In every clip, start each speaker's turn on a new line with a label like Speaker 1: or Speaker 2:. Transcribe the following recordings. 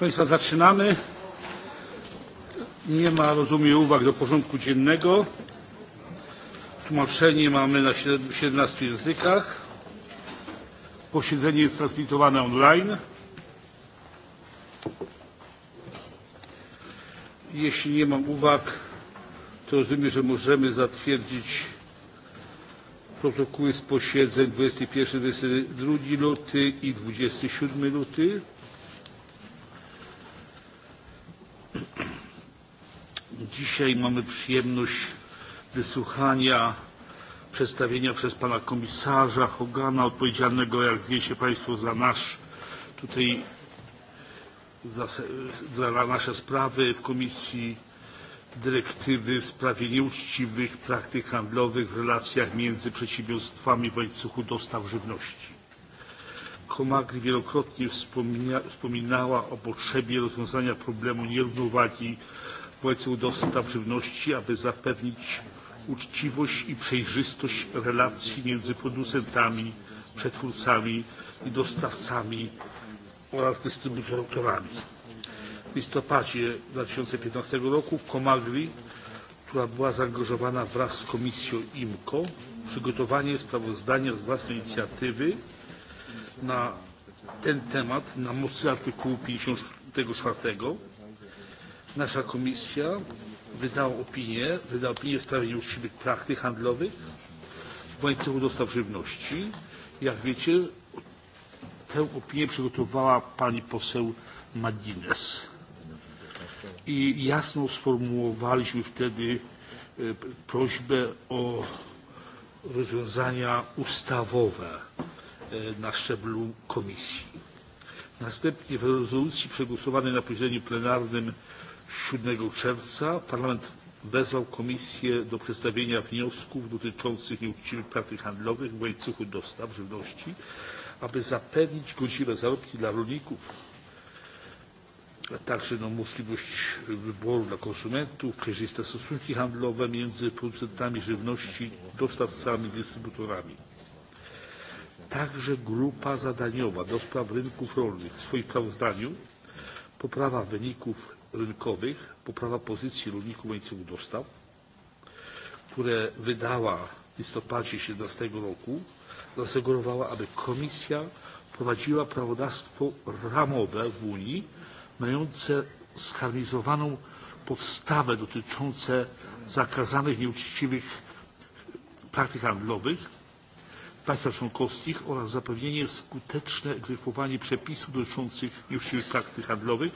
Speaker 1: Państwa, zaczynamy. Nie ma, rozumiem, uwag do porządku dziennego. Tłumaczenie mamy na 17 językach. Posiedzenie jest transmitowane online. Jeśli nie mam uwag, to rozumiem, że możemy zatwierdzić protokoły z posiedzeń 21-22 luty i 27 luty. Dzisiaj mamy przyjemność wysłuchania przedstawienia przez pana komisarza Hogana, odpowiedzialnego, jak wiecie państwo, za nasz tutaj za, za nasze sprawy w komisji dyrektywy w sprawie nieuczciwych praktyk handlowych w relacjach między przedsiębiorstwami w łańcuchu dostaw żywności. Komagry wielokrotnie wspomina, wspominała o potrzebie rozwiązania problemu nierównowagi wobec dostaw żywności aby zapewnić uczciwość i przejrzystość relacji między producentami przetwórcami i dostawcami oraz dystrybutorami. w listopadzie dwa tysiące piętnaście roku w Komagli, która była zaangażowana wraz z komisją imco w przygotowanie sprawozdania z własnej inicjatywy na ten temat na mocy artykułu pięćdziesiąt cztery Nasza komisja wydała opinię, wydała opinię w sprawie nieuczciwych praktyk handlowych w łańcuchu dostaw żywności. Jak wiecie, tę opinię przygotowała pani poseł Madines. I jasno sformułowaliśmy wtedy e, prośbę o rozwiązania ustawowe e, na szczeblu komisji. Następnie w rezolucji przegłosowanej na posiedzeniu plenarnym 7 czerwca Parlament wezwał Komisję do przedstawienia wniosków dotyczących nieuczciwych praktyk handlowych w łańcuchu dostaw żywności, aby zapewnić godziwe zarobki dla rolników, a także no, możliwość wyboru dla konsumentów, przejrzyste stosunki handlowe między producentami żywności, dostawcami i dystrybutorami. Także grupa zadaniowa do spraw rynków rolnych w swoim sprawozdaniu poprawa wyników rynkowych, poprawa pozycji rolników w łańcuchu dostaw, które wydała w listopadzie 2017 roku, zasugerowała, aby Komisja wprowadziła prawodawstwo ramowe w Unii mające zharmonizowaną podstawę dotyczące zakazanych nieuczciwych praktyk handlowych w państwach członkowskich oraz zapewnienie skuteczne egzekwowanie przepisów dotyczących nieuczciwych praktyk handlowych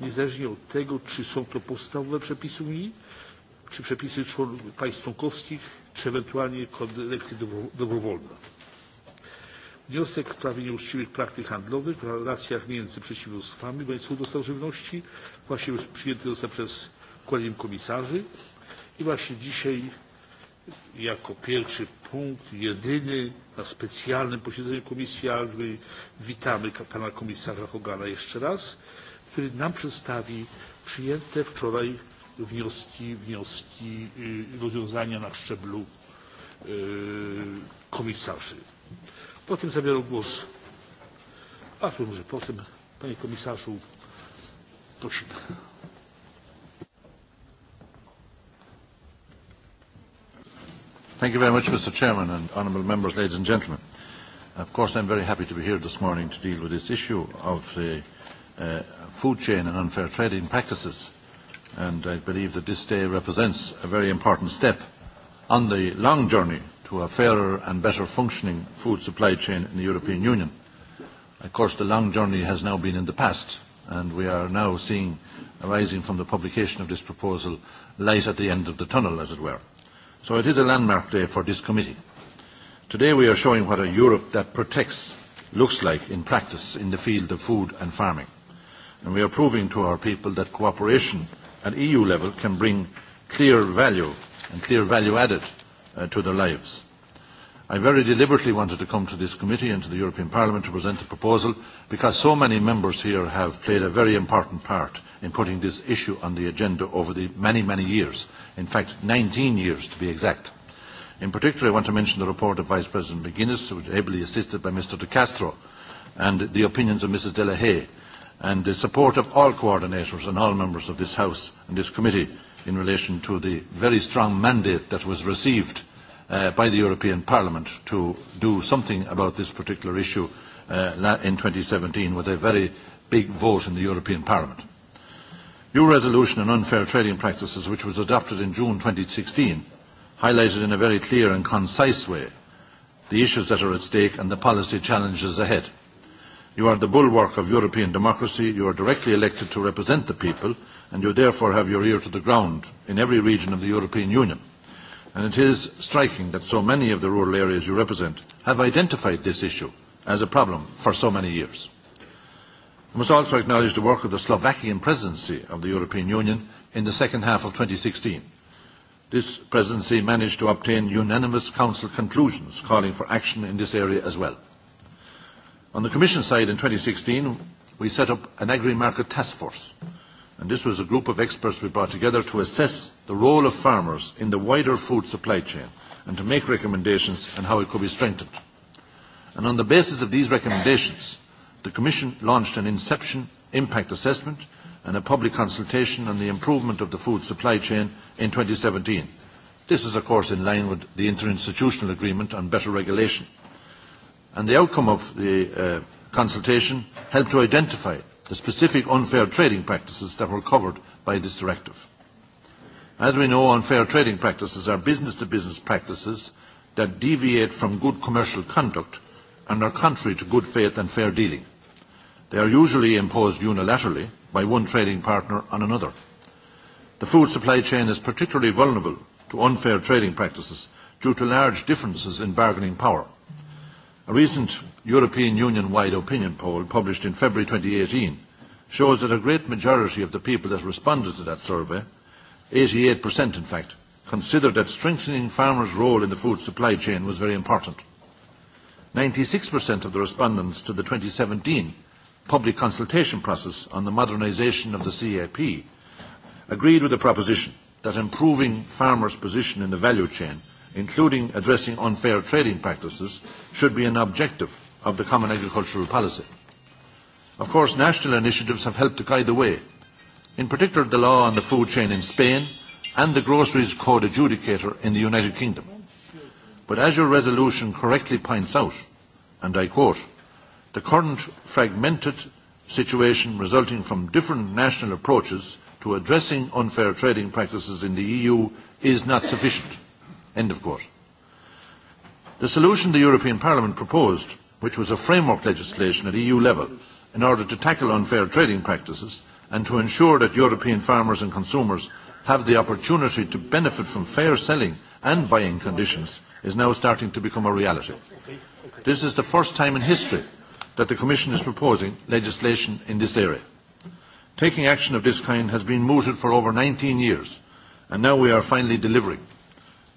Speaker 1: niezależnie od tego, czy są to podstawowe przepisy Unii, czy przepisy państw członkowskich, czy ewentualnie kodeksy dobrowolne. Wniosek w sprawie nieuczciwych praktyk handlowych w relacjach między przedsiębiorstwami w łańcuchu dostaw żywności właśnie przyjęty został przez Kolegium Komisarzy i właśnie dzisiaj jako pierwszy punkt, jedyny na specjalnym posiedzeniu Komisji Agri witamy pana komisarza Hogana jeszcze raz który nam przedstawi przyjęte wczoraj wnioski, wnioski rozwiązania na szczeblu komisarzy. Potem zabiorę głos. A to może potem, panie komisarzu, prosimy.
Speaker 2: Thank you very much, Mr. Chairman and honourable members, ladies and gentlemen. Of course, I'm very happy to be here this morning to deal with this issue of the Uh, food chain and unfair trading practices. And I believe that this day represents a very important step on the long journey to a fairer and better functioning food supply chain in the European Union. Of course, the long journey has now been in the past, and we are now seeing arising from the publication of this proposal light at the end of the tunnel, as it were. So it is a landmark day for this committee. Today we are showing what a Europe that protects looks like in practice in the field of food and farming. And we are proving to our people that cooperation at EU level can bring clear value and clear value added uh, to their lives. I very deliberately wanted to come to this committee and to the European Parliament to present a proposal because so many members here have played a very important part in putting this issue on the agenda over the many, many years. In fact, 19 years to be exact. In particular, I want to mention the report of Vice President McGuinness, ably assisted by Mr. De Castro, and the opinions of Mrs. De La Haye, and the support of all coordinators and all members of this House and this committee in relation to the very strong mandate that was received uh, by the European Parliament to do something about this particular issue uh, in 2017 with a very big vote in the European Parliament. Your resolution on unfair trading practices, which was adopted in June 2016, highlighted in a very clear and concise way the issues that are at stake and the policy challenges ahead. You are the bulwark of European democracy, you are directly elected to represent the people, and you therefore have your ear to the ground in every region of the European Union. And it is striking that so many of the rural areas you represent have identified this issue as a problem for so many years. I must also acknowledge the work of the Slovakian presidency of the European Union in the second half of sixteen. This presidency managed to obtain unanimous Council conclusions calling for action in this area as well. On the Commission side in 2016, we set up an agri-market task force, and this was a group of experts we brought together to assess the role of farmers in the wider food supply chain and to make recommendations on how it could be strengthened. And on the basis of these recommendations, the Commission launched an inception impact assessment and a public consultation on the improvement of the food supply chain in 2017. This is, of course, in line with the interinstitutional agreement on better regulation and the outcome of the uh, consultation helped to identify the specific unfair trading practices that were covered by this directive. As we know, unfair trading practices are business-to-business -business practices that deviate from good commercial conduct and are contrary to good faith and fair dealing. They are usually imposed unilaterally by one trading partner on another. The food supply chain is particularly vulnerable to unfair trading practices due to large differences in bargaining power a recent European Union-wide opinion poll published in February 2018 shows that a great majority of the people that responded to that survey, 88% in fact, considered that strengthening farmers' role in the food supply chain was very important. 96% of the respondents to the 2017 public consultation process on the modernisation of the CAP agreed with the proposition that improving farmers' position in the value chain including addressing unfair trading practices, should be an objective of the common agricultural policy. Of course, national initiatives have helped to guide the way, in particular the law on the food chain in Spain and the Groceries Code Adjudicator in the United Kingdom. But as your resolution correctly points out, and I quote, the current fragmented situation resulting from different national approaches to addressing unfair trading practices in the EU is not sufficient The solution the European Parliament proposed, which was a framework legislation at EU level in order to tackle unfair trading practices and to ensure that European farmers and consumers have the opportunity to benefit from fair selling and buying conditions, is now starting to become a reality. This is the first time in history that the Commission is proposing legislation in this area. Taking action of this kind has been mooted for over nineteen years, and now we are finally delivering.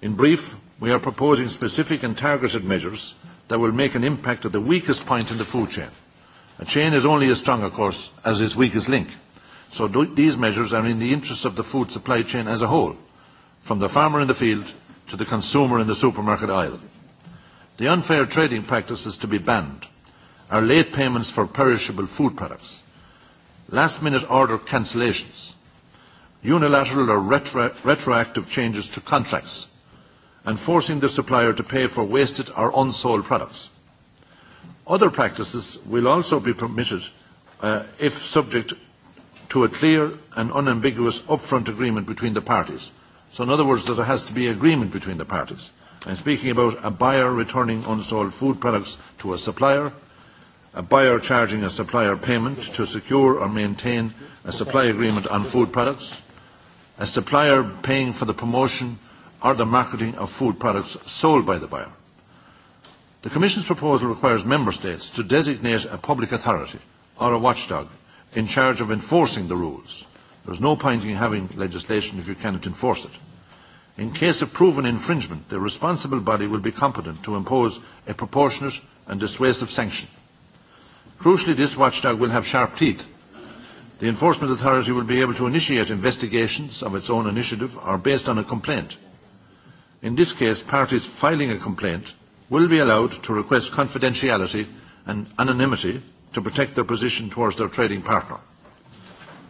Speaker 2: In brief, we are proposing specific and targeted measures that will make an impact at the weakest point in the food chain. A chain is only as strong, of course, as its weakest link. So these measures are in the interest of the food supply chain as a whole, from the farmer in the field to the consumer in the supermarket aisle. The unfair trading practices to be banned are late payments for perishable food products, last-minute order cancellations, unilateral or retro retroactive changes to contracts and forcing the supplier to pay for wasted or unsold products. Other practices will also be permitted uh, if subject to a clear and unambiguous upfront agreement between the parties. So in other words, that there has to be agreement between the parties. I'm speaking about a buyer returning unsold food products to a supplier, a buyer charging a supplier payment to secure or maintain a supply agreement on food products, a supplier paying for the promotion or the marketing of food products sold by the buyer. The Commission's proposal requires Member States to designate a public authority or a watchdog in charge of enforcing the rules. There is no point in having legislation if you cannot enforce it. In case of proven infringement, the responsible body will be competent to impose a proportionate and dissuasive sanction. Crucially, this watchdog will have sharp teeth. The enforcement authority will be able to initiate investigations of its own initiative or based on a complaint In this case, parties filing a complaint will be allowed to request confidentiality and anonymity to protect their position towards their trading partner.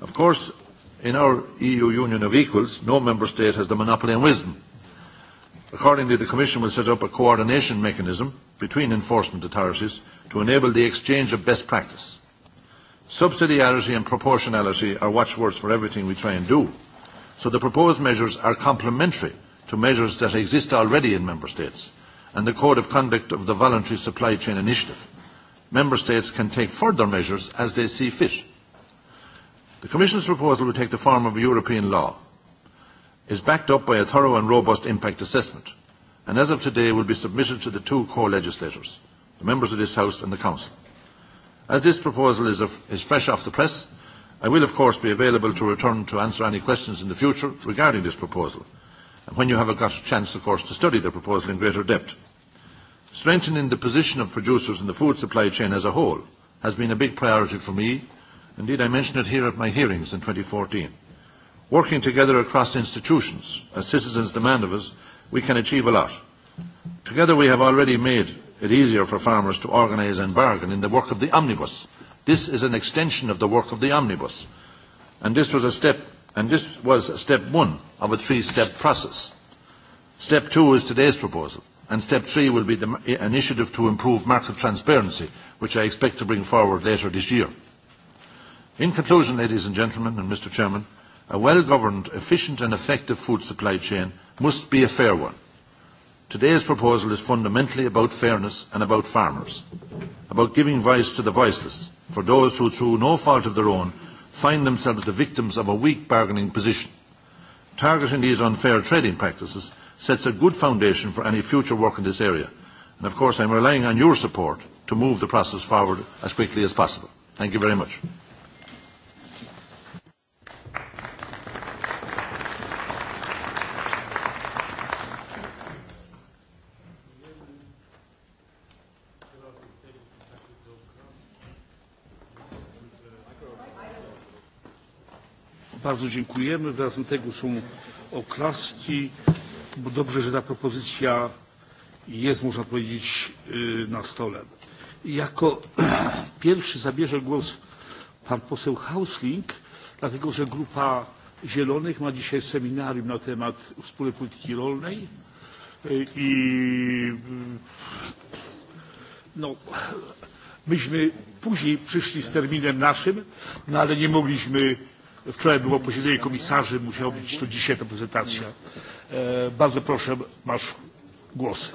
Speaker 2: Of course, in our EU Union of Equals, no member state has the monopoly on wisdom. Accordingly, the Commission will set up a coordination mechanism between enforcement authorities to enable the exchange of best practice. Subsidiarity and proportionality are watchwords for everything we try and do, so the proposed measures are complementary to measures that exist already in Member States and the Code of Conduct of the Voluntary Supply Chain Initiative. Member States can take further measures as they see fit. The Commission's proposal will take the form of European law, is backed up by a thorough and robust impact assessment, and as of today will be submitted to the two co-legislators, the members of this House and the Council. As this proposal is, of, is fresh off the press, I will of course be available to return to answer any questions in the future regarding this proposal when you have a chance, of course, to study the proposal in greater depth. Strengthening the position of producers in the food supply chain as a whole has been a big priority for me. Indeed, I mentioned it here at my hearings in fourteen. Working together across institutions, as citizens demand of us, we can achieve a lot. Together we have already made it easier for farmers to organise and bargain in the work of the omnibus. This is an extension of the work of the omnibus. And this was a step And this was step one of a three-step process. Step two is today's proposal. And step three will be the initiative to improve market transparency, which I expect to bring forward later this year. In conclusion, ladies and gentlemen, and Mr. Chairman, a well-governed, efficient and effective food supply chain must be a fair one. Today's proposal is fundamentally about fairness and about farmers, about giving voice to the voiceless, for those who, through no fault of their own, find themselves the victims of a weak bargaining position. Targeting these unfair trading practices sets a good foundation for any future work in this area. And of course, I am relying on your support to move the process forward as quickly as possible. Thank you very
Speaker 1: much. Bardzo dziękujemy. Wyrazem tego są oklaski. Bo dobrze, że ta propozycja jest, można powiedzieć, na stole. Jako pierwszy zabierze głos pan poseł Hausling, dlatego że Grupa Zielonych ma dzisiaj seminarium na temat wspólnej polityki rolnej i no, myśmy później przyszli z terminem naszym, no ale nie mogliśmy Wczoraj było posiedzenie komisarzy, musiała być to dzisiaj ta prezentacja. E, bardzo proszę, masz głos.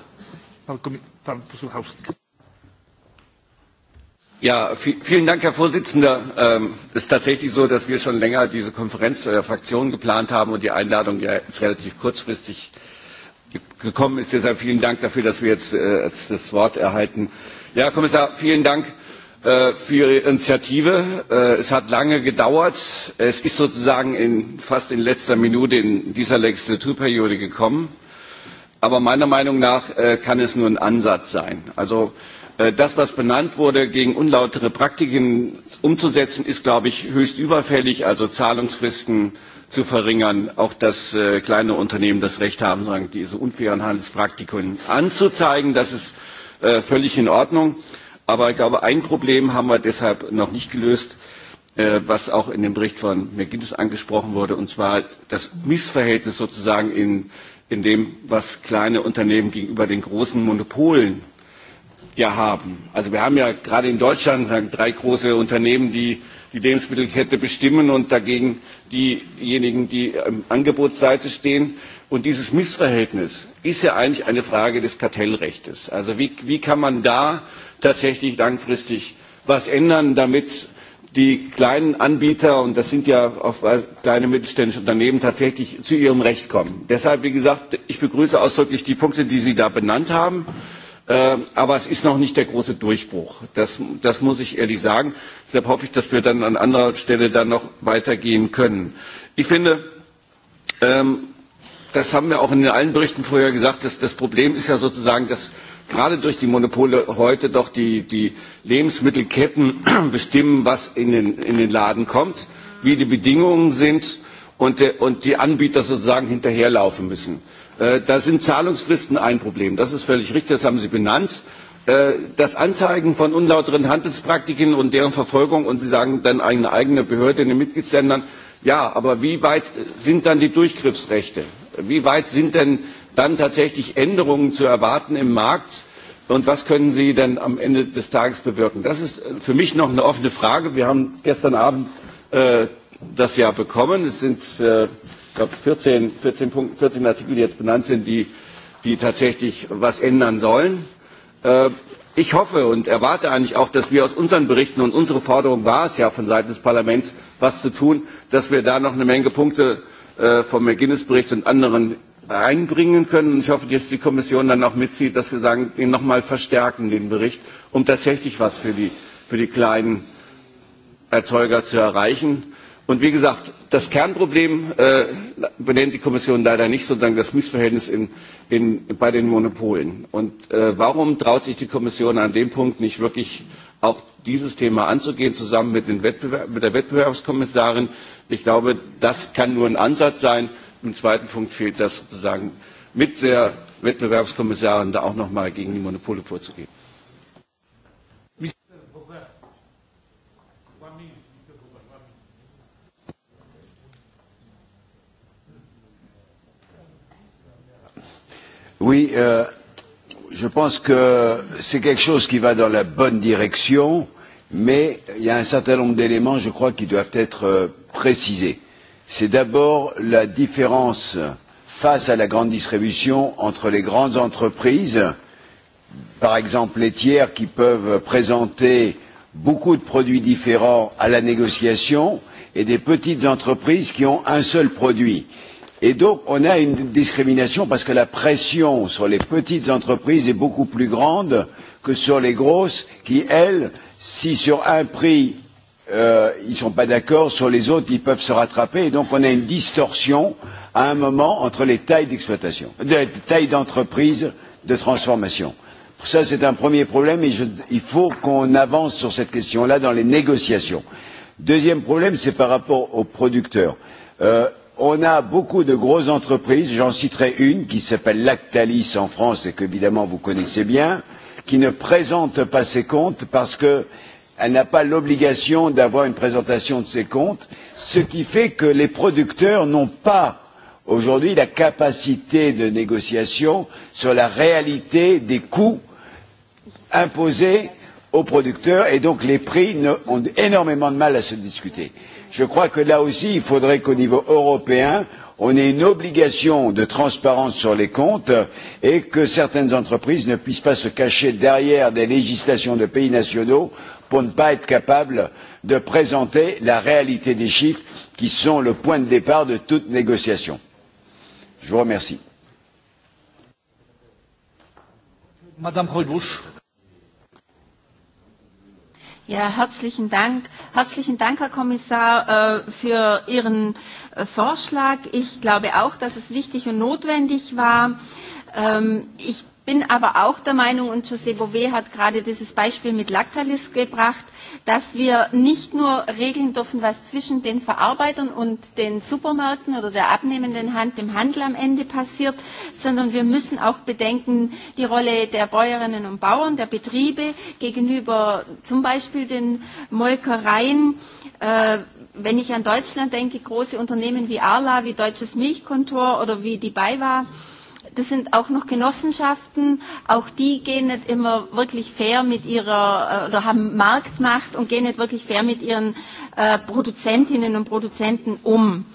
Speaker 1: Pan, pan poseł Hausnik.
Speaker 3: Ja, vielen Dank, Herr Vorsitzender. Ähm, es ist tatsächlich so, dass wir schon länger diese Konferenz der Fraktionen geplant haben und die Einladung ja jetzt relativ kurzfristig gekommen ist. Deshalb vielen Dank dafür, dass wir jetzt äh, das Wort erhalten. Ja, Herr Kommissar, vielen Dank Äh, für Ihre Initiative. Äh, es hat lange gedauert. Es ist sozusagen in, fast in letzter Minute in dieser Legislaturperiode gekommen. Aber meiner Meinung nach äh, kann es nur ein Ansatz sein. Also das, was benannt wurde, gegen unlautere Praktiken umzusetzen, ist, glaube ich, höchst überfällig. Also Zahlungsfristen zu verringern, auch dass kleine Unternehmen das Recht haben, diese unfairen Handelspraktiken anzuzeigen. Das ist völlig in Ordnung. Aber ich glaube, ein Problem haben wir deshalb noch nicht gelöst, äh, was auch in dem Bericht von McGuinness angesprochen wurde, und zwar das Missverhältnis sozusagen in, in dem, was kleine Unternehmen gegenüber den großen Monopolen ja haben. Also wir haben ja gerade in Deutschland drei große Unternehmen, die die Lebensmittelkette bestimmen und dagegen diejenigen, die an Angebotsseite stehen. Und dieses Missverhältnis ist ja eigentlich eine Frage des Kartellrechts. Also wie, wie kann man da tatsächlich langfristig etwas ändern, damit die kleinen Anbieter, und das sind ja auch kleine mittelständische Unternehmen, tatsächlich zu ihrem Recht kommen. Deshalb, wie gesagt, ich begrüße ausdrücklich die Punkte, die Sie da benannt haben. Äh, aber es ist noch nicht der große Durchbruch. Das, das, muss ich ehrlich sagen. Deshalb hoffe ich, dass wir dann an anderer Stelle dann noch weitergehen können. Ich finde, ähm, das haben wir auch in allen Berichten vorher gesagt, dass das Problem ist ja sozusagen, dass gerade durch die Monopole heute doch die, die Lebensmittelketten bestimmen, was in den, in den Laden kommt, wie die Bedingungen sind und, der, und die Anbieter sozusagen hinterherlaufen müssen. Äh, da sind Zahlungsfristen ein Problem. Das ist völlig richtig, das haben Sie benannt. Äh, das Anzeigen von unlauteren Handelspraktiken und deren Verfolgung und Sie sagen dann eine eigene Behörde in den Mitgliedsländern. Ja, aber wie weit sind dann die Durchgriffsrechte? Wie weit sind denn dann tatsächlich Änderungen zu erwarten im Markt? Und was können Sie dann am Ende des Tages bewirken? Das ist äh, für mich noch eine offene Frage. Wir haben gestern Abend äh, das ja bekommen. Es sind, äh, ich 14, 14, Punkt, 14 Artikel, die jetzt benannt sind, die, die tatsächlich was ändern sollen. Äh, ich hoffe und erwarte eigentlich auch, dass wir aus unseren Berichten und unsere Forderung war es ja von Seiten des Parlaments, was zu tun, dass wir da noch eine Menge Punkte äh, vom McGuinness-Bericht und anderen reinbringen können. Ich hoffe, dass die Kommission dann auch mitzieht, dass wir sagen, den nochmal verstärken, den Bericht, um tatsächlich was für die, für die kleinen Erzeuger zu erreichen. Und wie gesagt, das Kernproblem äh, benennt die Kommission leider nicht, sozusagen das Missverhältnis in, in, bei den Monopolen. Und äh, warum traut sich die Kommission an dem Punkt nicht wirklich auch dieses Thema anzugehen, zusammen mit, mit der Wettbewerbskommissarin? Ich glaube, das kann nur ein Ansatz sein. Im zweiten Punkt fehlt das sozusagen mit der Wettbewerbskommissarin da auch noch mal gegen die Monopole vorzugehen.
Speaker 4: Oui, euh, je pense que c'est quelque chose qui va dans la bonne direction, mais il y a un certain nombre d'éléments, je crois, qui doivent être euh, précisés c'est d'abord la différence face à la grande distribution entre les grandes entreprises, par exemple laitières, qui peuvent présenter beaucoup de produits différents à la négociation, et des petites entreprises qui ont un seul produit. Et donc, on a une discrimination parce que la pression sur les petites entreprises est beaucoup plus grande que sur les grosses qui, elles, si sur un prix euh, ils ne sont pas d'accord, sur les autres, ils peuvent se rattraper. Et donc, on a une distorsion à un moment entre les tailles d'exploitation, de, tailles d'entreprise de transformation. Pour ça, c'est un premier problème et je, il faut qu'on avance sur cette question-là dans les négociations. Deuxième problème, c'est par rapport aux producteurs. Euh, on a beaucoup de grosses entreprises, j'en citerai une qui s'appelle Lactalis en France et qu'évidemment vous connaissez bien, qui ne présente pas ses comptes parce que euh, elle n'a pas l'obligation d'avoir une présentation de ses comptes ce qui fait que les producteurs n'ont pas aujourd'hui la capacité de négociation sur la réalité des coûts imposés aux producteurs et donc les prix ont énormément de mal à se discuter. je crois que là aussi il faudrait qu'au niveau européen on ait une obligation de transparence sur les comptes et que certaines entreprises ne puissent pas se cacher derrière des législations de pays nationaux pour ne pas être capable de présenter la réalité des chiffres qui sont le point de départ de toute négociation. Je vous remercie. Madame
Speaker 5: Ja, herzlichen Dank. Herzlichen Dank, Herr Kommissar, äh, für Ihren äh, Vorschlag. Ich glaube auch, dass es wichtig und notwendig war. Ähm, ich bin aber auch der Meinung, und José Bové hat gerade dieses Beispiel mit Lactalis gebracht, dass wir nicht nur regeln dürfen, was zwischen den Verarbeitern und den Supermärkten oder der abnehmenden Hand, dem Handel am Ende passiert, sondern wir müssen auch bedenken, die Rolle der Bäuerinnen und Bauern, der Betriebe gegenüber zum Beispiel den Molkereien, äh, wenn ich an Deutschland denke, große Unternehmen wie Arla, wie Deutsches Milchkontor oder wie die BayWa, Das sind auch noch Genossenschaften. Auch die gehen nicht immer wirklich fair mit ihrer, äh, oder haben Marktmacht und gehen nicht wirklich fair mit ihren äh, Produzentinnen und Produzenten um.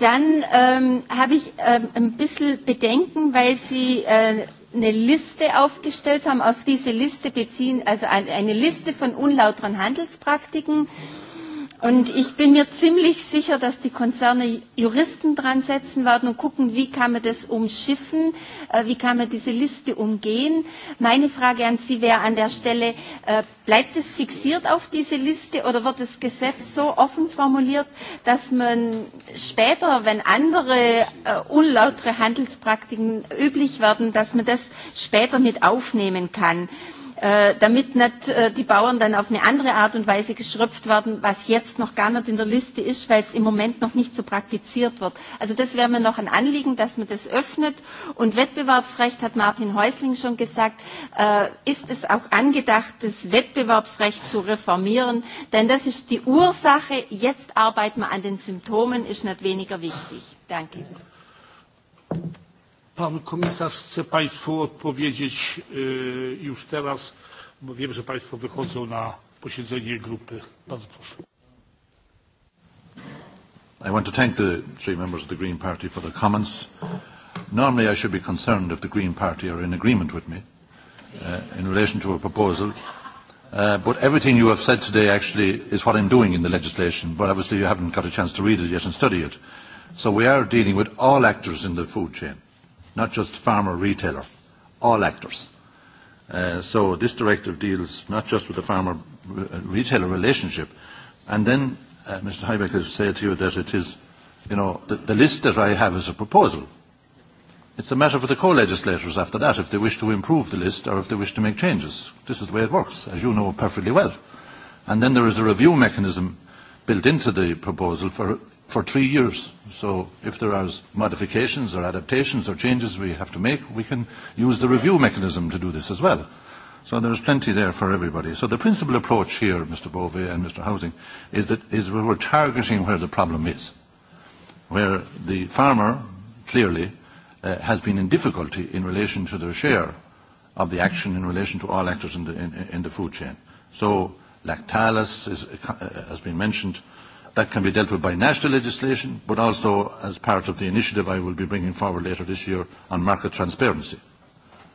Speaker 5: Dann ähm, habe ich ähm, ein bisschen Bedenken, weil Sie äh, eine Liste aufgestellt haben. Auf diese Liste beziehen, also eine Liste von unlauteren Handelspraktiken. Und ich bin mir ziemlich sicher, dass die Konzerne Juristen dran setzen werden und gucken, wie kann man das umschiffen, äh, wie kann man diese Liste umgehen. Meine Frage an Sie wäre an der Stelle, äh, bleibt es fixiert auf diese Liste oder wird das Gesetz so offen formuliert, dass man später, wenn andere äh, unlautere Handelspraktiken üblich werden, dass man das später mit aufnehmen kann? Äh, damit nicht äh, die Bauern dann auf eine andere Art und Weise geschröpft werden, was jetzt noch gar nicht in der Liste ist, weil es im Moment noch nicht so praktiziert wird. Also das wäre mir noch ein Anliegen, dass man das öffnet. Und Wettbewerbsrecht, hat Martin Häusling schon gesagt, äh, ist es auch angedacht, das Wettbewerbsrecht zu reformieren, denn das ist die Ursache. Jetzt arbeiten wir an den Symptomen, ist nicht weniger wichtig. Danke.
Speaker 1: Pan komisarz chce Państwu odpowiedzieć już teraz, bo wiem, że Państwo wychodzą na posiedzenie grupy. Bardzo proszę.
Speaker 2: I want to thank the three members of the Green Party for their comments. Normally I should be concerned if the Green Party are in agreement with me uh, in relation to a proposal. Uh, but everything you have said today actually is what I'm doing in the legislation, but obviously you haven't got a chance to read it yet and study it. So we are dealing with all actors in the food chain not just farmer retailer, all actors. Uh, so this directive deals not just with the farmer uh, retailer relationship, and then uh, Mr. Heibeck has said to you that it is, you know, the, the list that I have is a proposal. It's a matter for the co-legislators after that if they wish to improve the list or if they wish to make changes. This is the way it works, as you know perfectly well. And then there is a review mechanism built into the proposal for for three years. So if there are modifications or adaptations or changes we have to make, we can use the review mechanism to do this as well. So there's plenty there for everybody. So the principal approach here, Mr. Bove and Mr. Housing, is that is we're targeting where the problem is, where the farmer clearly uh, has been in difficulty in relation to their share of the action in relation to all actors in the, in, in the food chain. So lactalis is, uh, has been mentioned that can be dealt with by national legislation, but also as part of the initiative I will be bringing forward later this year on market transparency.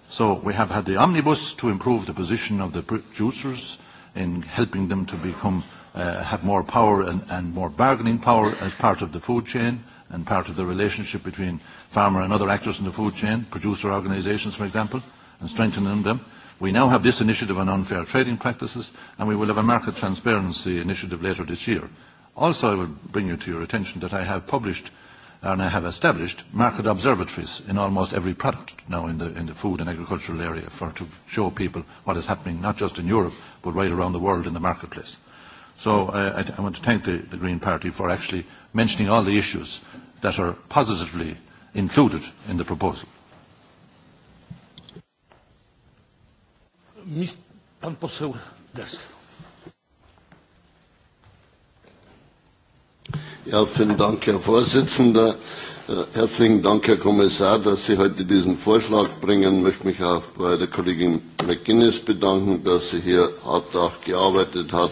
Speaker 2: So we have had the omnibus to improve the position of the producers in helping them to become, uh, have more power and, and more bargaining power as part of the food chain and part of the relationship between farmer and other actors in the food chain, producer organisations, for example, and strengthening them. We now have this initiative on unfair trading practices, and we will have a market transparency initiative later this year Also, I would bring you to your attention that I have published and I have established market observatories in almost every product now in the, in the food and agricultural area for to show people what is happening not just in Europe but right around the world in the marketplace. So I, I, I want to thank the, the Green Party for actually mentioning all the issues that are positively included in the proposal.
Speaker 1: Pan poseł yes.
Speaker 6: Ja, vielen Dank, Herr Vorsitzender. Äh, herzlichen Dank, Herr Kommissar, dass Sie heute diesen Vorschlag bringen. Ich möchte mich auch bei der Kollegin McGuinness bedanken, dass sie hier hart auch gearbeitet hat.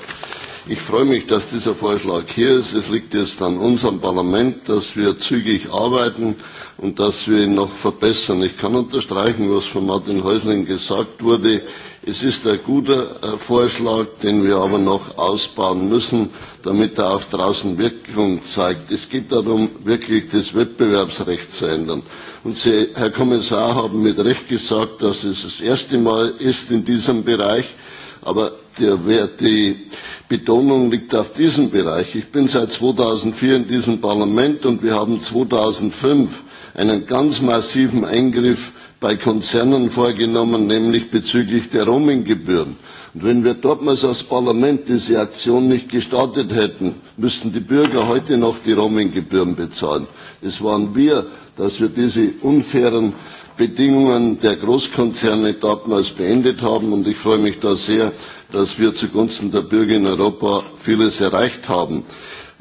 Speaker 6: Ich freue mich, dass dieser Vorschlag hier ist. Es liegt jetzt an uns, am Parlament, dass wir zügig arbeiten und dass wir ihn noch verbessern. Ich kann unterstreichen, was von Martin Häusling gesagt wurde. Es ist ein guter äh, Vorschlag, den wir aber noch ausbauen müssen, damit er auch draußen Wirkung zeigt. Es geht darum, wirklich das Wettbewerbsrecht zu ändern. Und Sie, Herr Kommissar, haben mit Recht gesagt, dass es das erste Mal ist in diesem Bereich, aber der, die Betonung liegt auf diesem Bereich. Ich bin seit 2004 in diesem Parlament und wir haben 2005 einen ganz massiven Eingriff bei Konzernen vorgenommen, nämlich bezüglich der Roaminggebühren. Und wenn wir damals als Parlament diese Aktion nicht gestartet hätten, müssten die Bürger heute noch die Roaminggebühren bezahlen. Es waren wir, dass wir diese unfairen Bedingungen der Großkonzerne damals beendet haben. Und ich freue mich da sehr, dass wir zugunsten der Bürger in Europa vieles erreicht haben.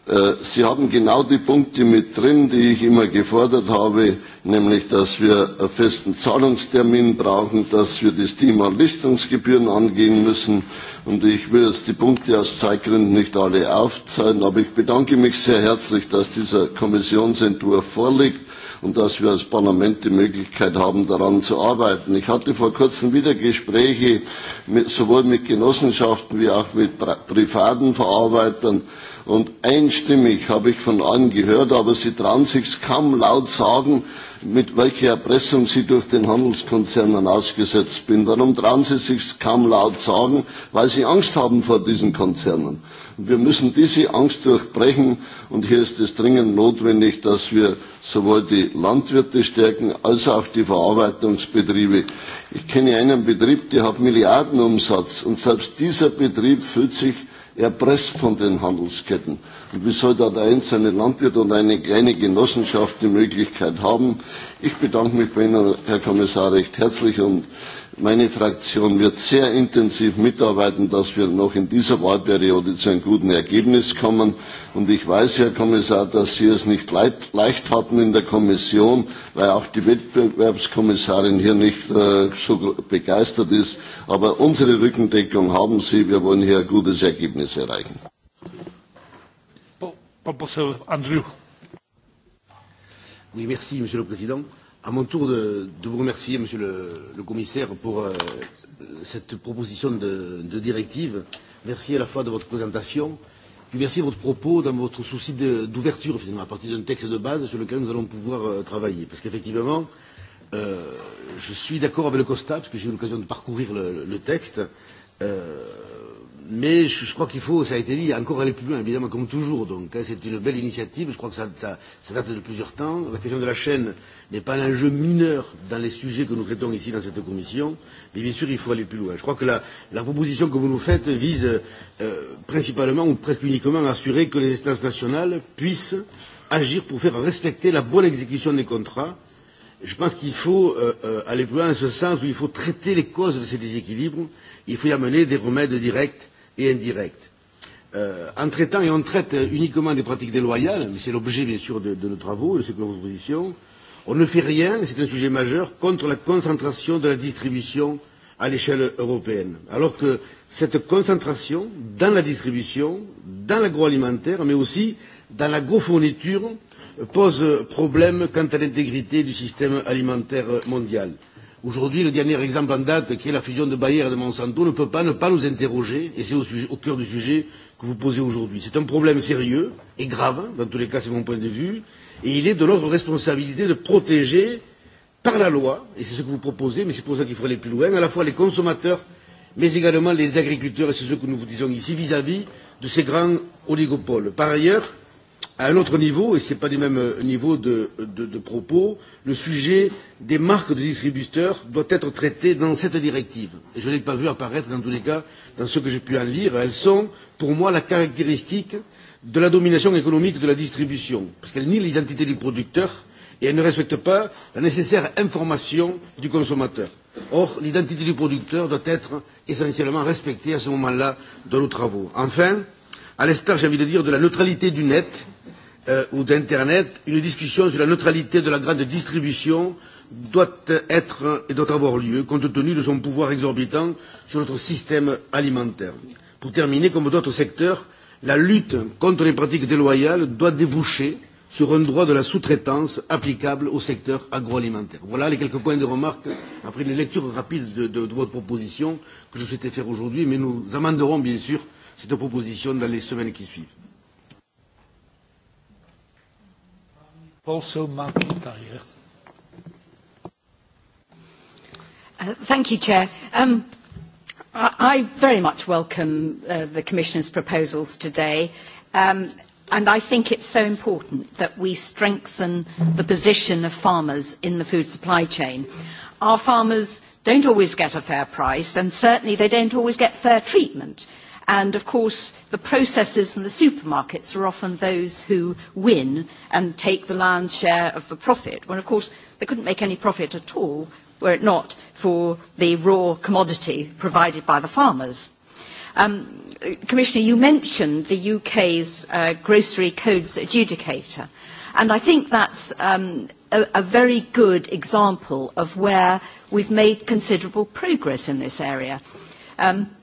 Speaker 6: Äh, Sie haben genau die Punkte mit drin, die ich immer gefordert habe, nämlich, dass wir einen festen Zahlungstermin brauchen, dass wir das Thema Listungsgebühren angehen müssen. Und ich will jetzt die Punkte aus Zeitgründen nicht alle aufzeigen, aber ich bedanke mich sehr herzlich, dass dieser Kommissionsentwurf vorliegt und dass wir als Parlament die Möglichkeit haben, daran zu arbeiten. Ich hatte vor kurzem wieder Gespräche mit, sowohl mit Genossenschaften wie auch mit privaten Verarbeitern und einstimmig habe ich von allen gehört, aber sie trauen sich kaum laut sagen, mit welcher Erpressung Sie durch den Handelskonzernen ausgesetzt bin. Warum trauen Sie sich kaum laut sagen? Weil Sie Angst haben vor diesen Konzernen. Und wir müssen diese Angst durchbrechen und hier ist es dringend notwendig, dass wir sowohl die Landwirte stärken als auch die Verarbeitungsbetriebe. Ich kenne einen Betrieb, der hat Milliardenumsatz und selbst dieser Betrieb fühlt sich erpresst von den Handelsketten. Und wie soll da der einzelne Landwirt und eine kleine Genossenschaft die Möglichkeit haben? Ich bedanke mich bei Ihnen, Herr Kommissar, recht herzlich und Meine Fraktion wird sehr intensiv mitarbeiten, dass wir noch in dieser Wahlperiode zu einem guten Ergebnis kommen. Und ich weiß, Herr Kommissar, dass Sie es nicht leicht hatten in der Kommission, weil auch die Wettbewerbskommissarin hier nicht äh, so begeistert ist. Aber unsere Rückendeckung haben Sie. Wir wollen hier ein gutes Ergebnis erreichen.
Speaker 1: Oui,
Speaker 7: merci, Monsieur le Président. À mon tour de, de vous remercier, Monsieur le, le Commissaire, pour euh, cette proposition de, de directive. Merci à la fois de votre présentation, puis merci de votre propos dans votre souci d'ouverture, finalement, à partir d'un texte de base sur lequel nous allons pouvoir euh, travailler. Parce qu'effectivement, euh, je suis d'accord avec le constat, parce que j'ai eu l'occasion de parcourir le, le texte. Euh, mais je, je crois qu'il faut, ça a été dit, encore aller plus loin, évidemment, comme toujours. Donc, hein, c'est une belle initiative. Je crois que ça, ça, ça date de plusieurs temps. La question de la chaîne n'est pas un enjeu mineur dans les sujets que nous traitons ici dans cette commission, mais bien sûr il faut aller plus loin. Je crois que la, la proposition que vous nous faites vise euh, principalement ou presque uniquement à assurer que les instances nationales puissent agir pour faire respecter la bonne exécution des contrats. Je pense qu'il faut euh, euh, aller plus loin dans ce sens où il faut traiter les causes de ces déséquilibres, il faut y amener des remèdes directs et indirects. Euh, en traitant et on traite uniquement des pratiques déloyales, mais c'est l'objet bien sûr de, de nos travaux, de ces propositions, euh, on ne fait rien, et c'est un sujet majeur, contre la concentration de la distribution à l'échelle européenne. Alors que cette concentration dans la distribution, dans l'agroalimentaire, mais aussi dans l'agrofourniture, pose problème quant à l'intégrité du système alimentaire mondial. Aujourd'hui, le dernier exemple en date, qui est la fusion de Bayer et de Monsanto, ne peut pas ne pas nous interroger, et c'est au, au cœur du sujet que vous posez aujourd'hui. C'est un problème sérieux et grave, dans tous les cas, c'est mon point de vue, et il est de notre responsabilité de protéger par la loi et c'est ce que vous proposez mais c'est pour ça qu'il faut aller plus loin à la fois les consommateurs mais également les agriculteurs et c'est ce que nous vous disons ici vis à vis de ces grands oligopoles. Par ailleurs, à un autre niveau et ce n'est pas du même euh, niveau de, de, de propos, le sujet des marques de distributeurs doit être traité dans cette directive. Et je ne l'ai pas vu apparaître dans tous les cas dans ce que j'ai pu en lire. Elles sont, pour moi, la caractéristique euh, de la domination économique de la distribution, parce qu'elle nie l'identité du producteur et elle ne respecte pas la nécessaire information du consommateur. Or, l'identité du producteur doit être essentiellement respectée à ce moment-là de nos travaux. Enfin, à l'instar, j'ai envie de dire, de la neutralité du net euh, ou d'Internet, une discussion sur la neutralité de la grande distribution doit être et doit avoir lieu, compte tenu de son pouvoir exorbitant sur notre système alimentaire. Pour terminer, comme d'autres secteurs, La lutte contre les pratiques déloyales doit déboucher sur un droit de la sous-traitance applicable au secteur agroalimentaire. Voilà les quelques points de remarque après une lecture rapide de, de, de votre proposition que je souhaitais faire aujourd'hui, mais nous amenderons bien sûr cette proposition dans les semaines qui suivent.
Speaker 8: Uh, thank you, Chair. Um, i very much welcome uh, the Commissioner's proposals today. Um, and I think it's so important that we strengthen the position of farmers in the food supply chain. Our farmers don't always get a fair price, and certainly they don't always get fair treatment. And of course, the processors and the supermarkets are often those who win and take the lion's share of the profit, when of course they couldn't make any profit at all were it not for the raw commodity provided by the farmers. Um, Commissioner, you mentioned the UK's uh, grocery codes adjudicator, and I think that's um, a, a very good example of where we've made considerable progress in this area. Um,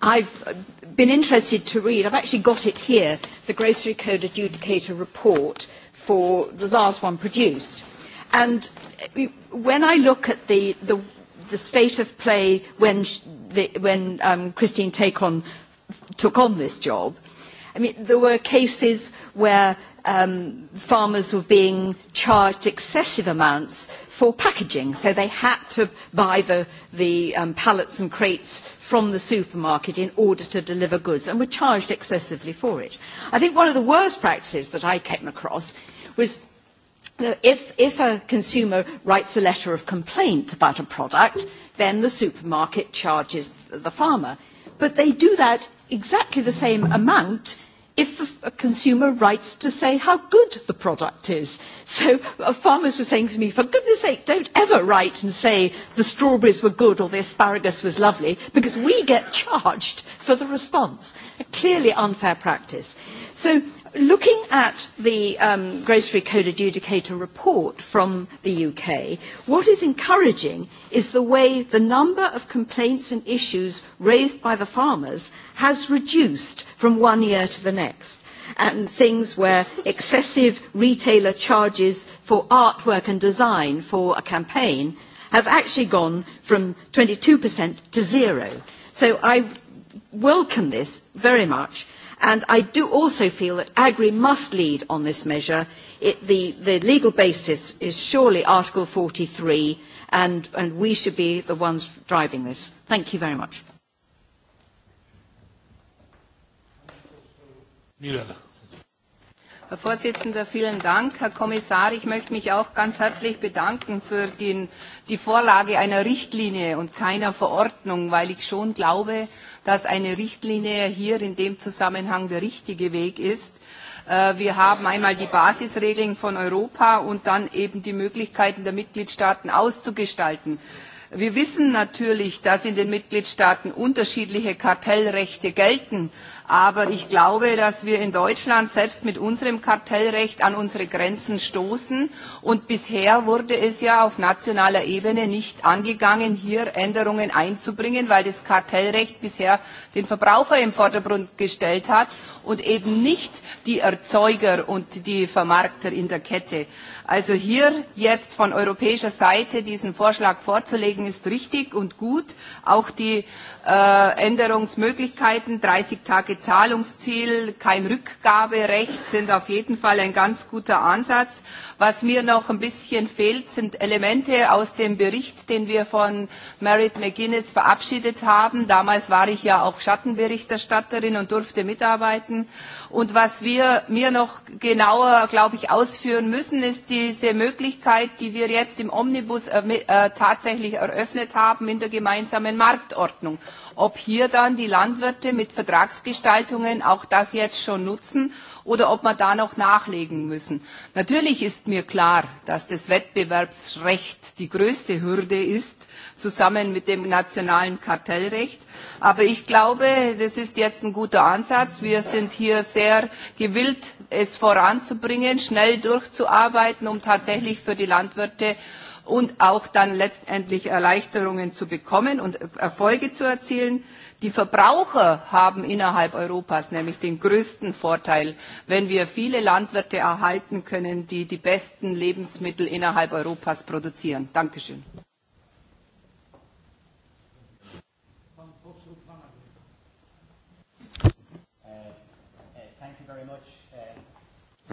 Speaker 8: I've been interested to read, I've actually got it here, the Grocery Code Adjudicator report for the last one produced. And when I look at the, the, the state of play when, she, the, when um, Christine Tacon took on this job, I mean, there were cases where um, farmers were being charged excessive amounts for packaging, so they had to buy the, the um, pallets and crates from the supermarket in order to deliver goods and were charged excessively for it. I think one of the worst practices that I came across was No, if, if a consumer writes a letter of complaint about a product, then the supermarket charges the farmer. But they do that exactly the same amount if a consumer writes to say how good the product is. So uh, farmers were saying to me, for goodness sake, don't ever write and say the strawberries were good or the asparagus was lovely, because we get charged for the response. A clearly unfair practice. So looking at the um, Grocery Code Adjudicator report from the UK, what is encouraging is the way the number of complaints and issues raised by the farmers has reduced from one year to the next. And things where excessive retailer charges for artwork and design for a campaign have actually gone from 22% to zero. So I welcome this very much And I do also feel that Agri must lead on this measure. It, the, the legal basis is surely Article 43, and, and we should be the ones driving this. Thank you very much.
Speaker 9: Herr Vorsitzender, vielen Dank. Herr Kommissar, ich möchte mich auch ganz herzlich bedanken für den, die Vorlage einer Richtlinie und keiner Verordnung, weil ich schon glaube, dass eine Richtlinie hier in dem Zusammenhang der richtige Weg ist. Äh, wir haben einmal die Basisregeln von Europa und dann eben die Möglichkeiten der Mitgliedstaaten auszugestalten. Wir wissen natürlich, dass in den Mitgliedstaaten unterschiedliche Kartellrechte gelten Aber ich glaube, dass wir in Deutschland selbst mit unserem Kartellrecht an unsere Grenzen stoßen. Und bisher wurde es ja auf nationaler Ebene nicht angegangen, hier Änderungen einzubringen, weil das Kartellrecht bisher den Verbraucher im Vordergrund gestellt hat und eben nicht die Erzeuger und die Vermarkter in der Kette. Also hier jetzt von europäischer Seite diesen Vorschlag vorzulegen, ist richtig und gut. Auch die Äh, Änderungsmöglichkeiten, 30 Tage Zahlungsziel, kein Rückgaberecht sind auf jeden Fall ein ganz guter Ansatz. Was mir noch ein bisschen fehlt, sind Elemente aus dem Bericht, den wir von Merit McGuinness verabschiedet haben. Damals war ich ja auch Schattenberichterstatterin und durfte mitarbeiten. Und was wir mir noch genauer, glaube ich, ausführen müssen, ist diese Möglichkeit, die wir jetzt im Omnibus äh, tatsächlich eröffnet haben in der gemeinsamen Marktordnung. Ob hier dann die Landwirte mit Vertragsgestaltungen auch das jetzt schon nutzen oder ob wir da noch nachlegen müssen. Natürlich ist mir klar, dass das Wettbewerbsrecht die größte Hürde ist, zusammen mit dem nationalen Kartellrecht. Aber ich glaube, das ist jetzt ein guter Ansatz. Wir sind hier sehr gewillt, es voranzubringen, schnell durchzuarbeiten, um tatsächlich für die Landwirte und auch dann letztendlich Erleichterungen zu bekommen und Erfolge zu erzielen. Die Verbraucher haben innerhalb Europas nämlich den größten Vorteil, wenn wir viele Landwirte erhalten können, die die besten Lebensmittel innerhalb Europas produzieren. Dankeschön.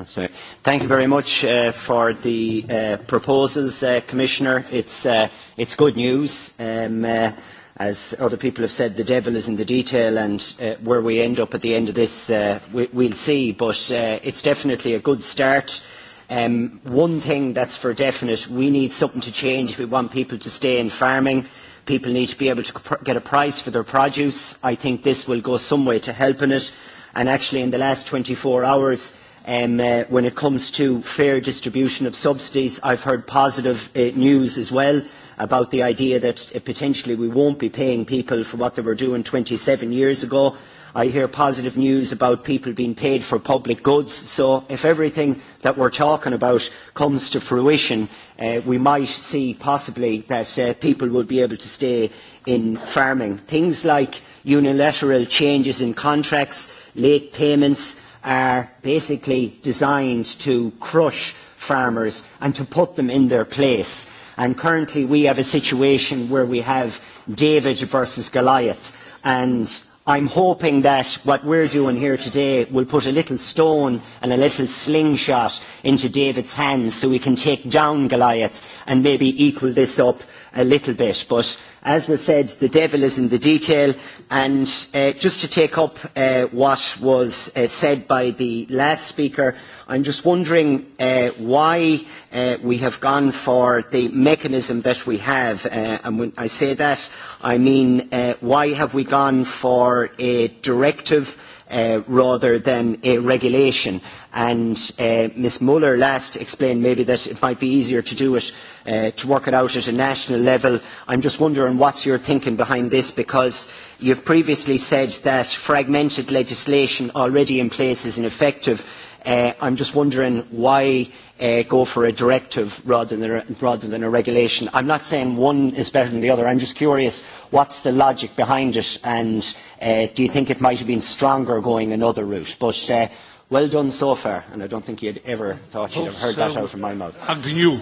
Speaker 10: Sorry. Uh, uh, uh, thank you very much uh, for the uh, proposals, uh, Commissioner. It's, uh, it's good news. Um, uh, as other people have said, the devil is in the detail, and uh, where we end up at the end of this, uh, we, we'll see. But uh, it's definitely a good start. Um, one thing that's for definite, we need something to change if we want people to stay in farming. People need to be able to get a price for their produce. I think this will go some way to helping it. And actually, in the last 24 hours, Um, uh, when it comes to fair distribution of subsidies, I have heard positive uh, news as well about the idea that uh, potentially we will not be paying people for what they were doing twenty seven years ago. I hear positive news about people being paid for public goods. So if everything that we are talking about comes to fruition, uh, we might see possibly that uh, people will be able to stay in farming. Things like unilateral changes in contracts, late payments, are basically designed to crush farmers and to put them in their place. And currently we have a situation where we have David versus Goliath. And I'm hoping that what we're doing here today will put a little stone and a little slingshot into David's hands so we can take down Goliath and maybe equal this up a little bit. But as was said, the devil is in the detail. And uh, just to take up uh, what was uh, said by the last speaker, I'm just wondering uh, why uh, we have gone for the mechanism that we have. Uh, and when I say that, I mean uh, why have we gone for a directive uh, rather than a regulation? and uh, Ms Muller last explained maybe that it might be easier to do it, uh, to work it out at a national level. I am just wondering what your thinking behind this because you have previously said that fragmented legislation already in place is ineffective. Uh, I am just wondering why uh, go for a directive rather than a, rather than a regulation. I'm not saying one is better than the other. I'm just curious, what's the logic behind it? And uh, do you think it might have been stronger going another route? But uh, Well done so far, and I don't think he had ever thought you'd have heard that out of my mouth.
Speaker 1: And you.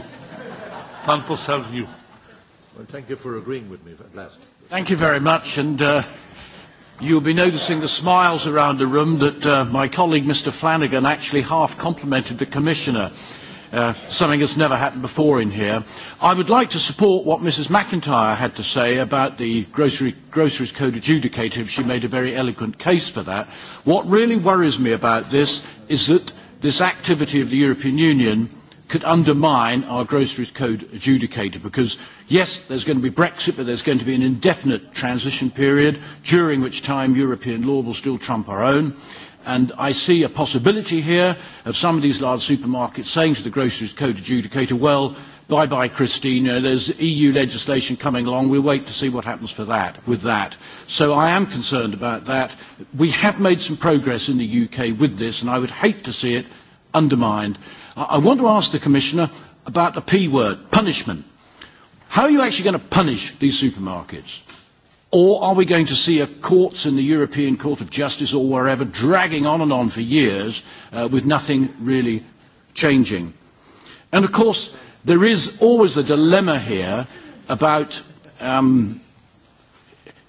Speaker 11: Well,
Speaker 2: thank you for agreeing with me at last.
Speaker 11: Thank you very much, and uh, you'll be noticing the smiles around the room that uh, my colleague Mr Flanagan actually half complimented the Commissioner. Uh, something that's never happened before in here. I would like to support what Mrs. McIntyre had to say about the grocery, Groceries Code adjudicator. She made a very eloquent case for that. What really worries me about this is that this activity of the European Union could undermine our Groceries Code adjudicator because, yes, there's going to be Brexit, but there's going to be an indefinite transition period during which time European law will still trump our own. And I see a possibility here of some of these large supermarkets saying to the groceries code adjudicator, well, bye bye, Christine, you know, there's EU legislation coming along, we'll wait to see what happens for that, with that. So I am concerned about that. We have made some progress in the UK with this, and I would hate to see it undermined. I, I want to ask the Commissioner about the P word, punishment. How are you actually going to punish these supermarkets? Or are we going to see a courts in the European Court of Justice or wherever dragging on and on for years uh, with nothing really changing? And of course, there is always a dilemma here about um,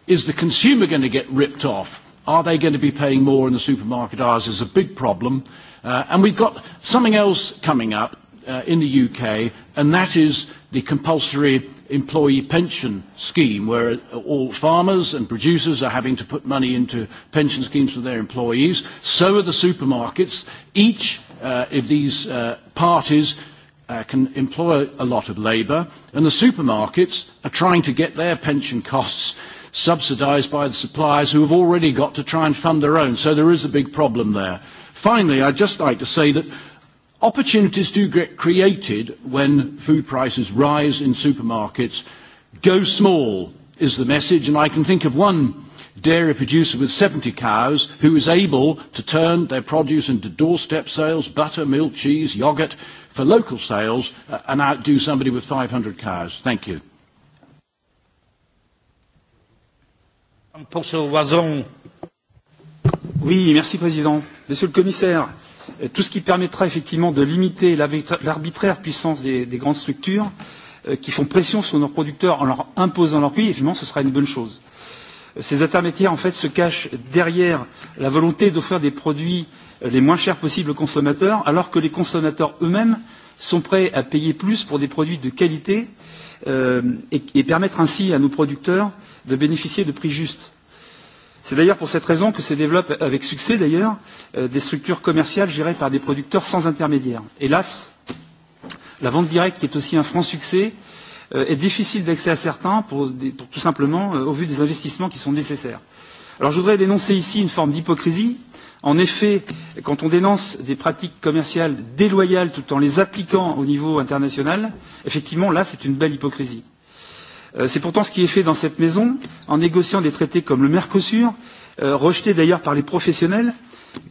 Speaker 11: is the consumer going to get ripped off? Are they going to be paying more in the supermarket? Ours is a big problem. Uh, and we've got something else coming up uh, in the UK, and that is the compulsory employee pension scheme where all farmers and producers are having to put money into pension schemes for their employees. So are the supermarkets. Each uh, of these uh, parties uh, can employ a lot of labour, and the supermarkets are trying to get their pension costs subsidised by the suppliers who have already got to try and fund their own. So there is a big problem there. Finally, I'd just like to say that opportunities do get created when food prices rise in supermarkets. Go small is the message, and I can think of one dairy producer with 70 cows who is able to turn their produce into doorstep sales, butter, milk, cheese, yoghurt for local sales uh, and outdo somebody with
Speaker 12: 500 cows. Thank you. Oui, merci Président. Monsieur le Commissaire, Euh, tout ce qui permettra effectivement de limiter l'arbitraire puissance des, des grandes structures euh, qui font pression sur nos producteurs en leur imposant leur prix, évidemment, ce sera une bonne chose. Euh, ces intermédiaires, en fait, se cachent derrière la volonté d'offrir des produits euh, les moins chers possibles aux consommateurs, alors que les consommateurs eux-mêmes sont prêts à payer plus pour des produits de qualité euh, et, et permettre ainsi à nos producteurs de bénéficier de prix justes C'est d'ailleurs pour cette raison que se développent avec succès d'ailleurs euh, des structures commerciales gérées par des producteurs sans intermédiaire. Hélas, la vente directe qui est aussi un franc succès euh, est difficile d'accès à certains pour, des, pour tout simplement euh, au vu des investissements qui sont nécessaires. Alors je voudrais dénoncer ici une forme d'hypocrisie. En effet, quand on dénonce des pratiques commerciales déloyales tout en les appliquant au niveau international, effectivement là c'est une belle hypocrisie. Euh, c'est pourtant ce qui est fait dans cette maison en négociant des traités comme le Mercosur, euh, rejeté d'ailleurs par les professionnels,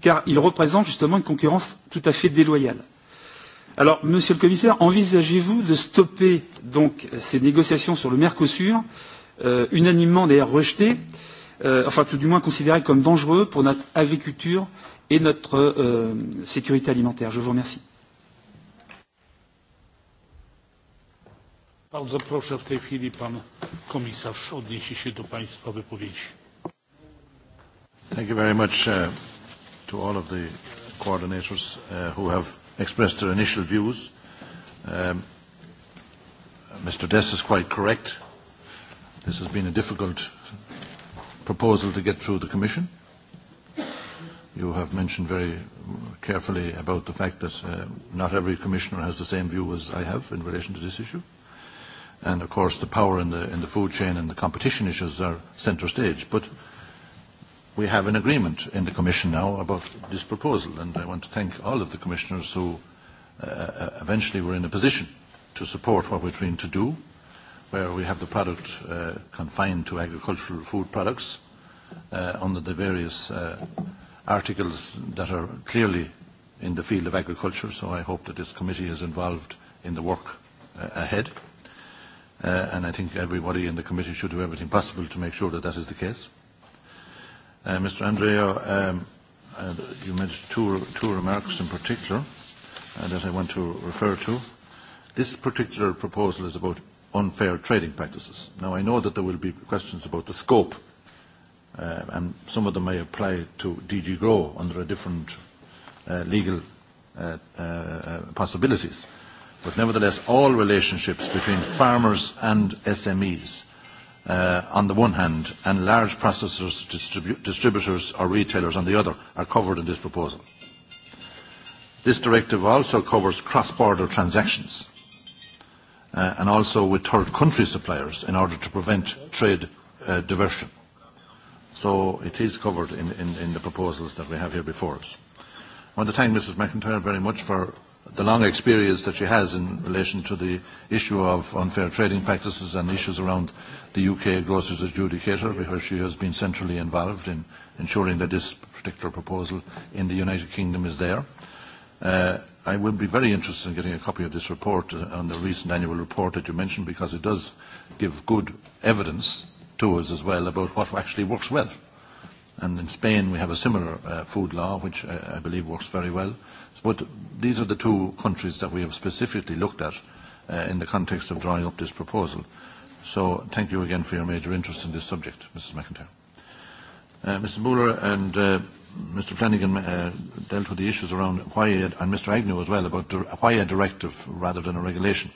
Speaker 12: car il représente justement une concurrence tout à fait déloyale. Alors, Monsieur le Commissaire, envisagez-vous de stopper donc ces négociations sur le Mercosur, euh, unanimement d'ailleurs rejetées, euh, enfin tout du moins considérées comme dangereuses pour notre agriculture et notre euh, sécurité alimentaire Je vous remercie.
Speaker 1: Bardzo proszę, w tej chwili pan komisarz odniesie się do państwa wypowiedzi.
Speaker 2: Thank you very much uh, to all of the coordinators uh, who have expressed their initial views. Um, Mr. Dess is quite correct. This has been a difficult proposal to get through the Commission. You have mentioned very carefully about the fact that uh, not every commissioner has the same view as I have in relation to this issue and of course the power in the, in the food chain and the competition issues are centre stage. But we have an agreement in the Commission now about this proposal, and I want to thank all of the Commissioners who uh, uh, eventually were in a position to support what we're trying to do, where we have the product uh, confined to agricultural food products uh, under the various uh, articles that are clearly in the field of agriculture, so I hope that this committee is involved in the work uh, ahead uh, and I think everybody in the committee should do everything possible to make sure that that is the case. Uh, Mr. Andrea, um, uh, you made two, two remarks in particular uh, that I want to refer to. This particular proposal is about unfair trading practices. Now, I know that there will be questions about the scope, uh, and some of them may apply to DG Grow under a different uh, legal uh, uh, possibilities. Uh, but nevertheless all relationships between farmers and SMEs uh, on the one hand and large processors, distribu distributors or retailers on the other are covered in this proposal. This directive also covers cross-border transactions uh, and also with third country suppliers in order to prevent trade uh, diversion. So it is covered in, in, in the proposals that we have here before us. I want to thank Mrs McIntyre very much for the long experience that she has in relation to the issue of unfair trading practices and issues around the UK grocers adjudicator, because she has been centrally involved in ensuring that this particular proposal in the United Kingdom is there. Uh, I will be very interested in getting a copy of this report on uh, the recent annual report that you mentioned because it does give good evidence to us as well about what actually works well. And in Spain we have a similar uh, food law which I, uh, I believe works very well. But these are the two countries that we have specifically looked at uh, in the context of drawing up this proposal. So thank you again for your major interest in this subject, Mrs McIntyre. Uh, Mrs Buller and uh, Mr Flanagan uh, dealt with the issues around why, and Mr Agnew as well, about why a directive rather than a regulation.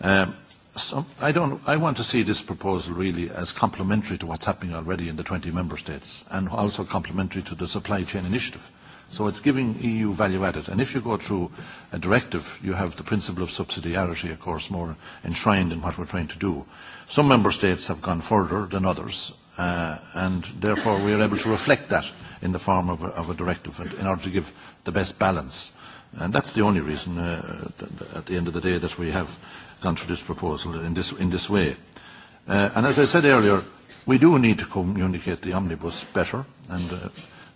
Speaker 2: Um, so I, don't, I want to see this proposal really as complementary to what's happening already in the 20 member states and also complementary to the supply chain initiative so it's giving EU value added. And if you go through a directive, you have the principle of subsidiarity, of course, more enshrined in what we're trying to do. Some member states have gone further than others, uh, and therefore we are able to reflect that in the form of a, of a directive in order to give the best balance. And that's the only reason, uh, at the end of the day, that we have gone through this proposal in this, in this way. Uh, and as I said earlier, we do need to communicate the omnibus better, and uh,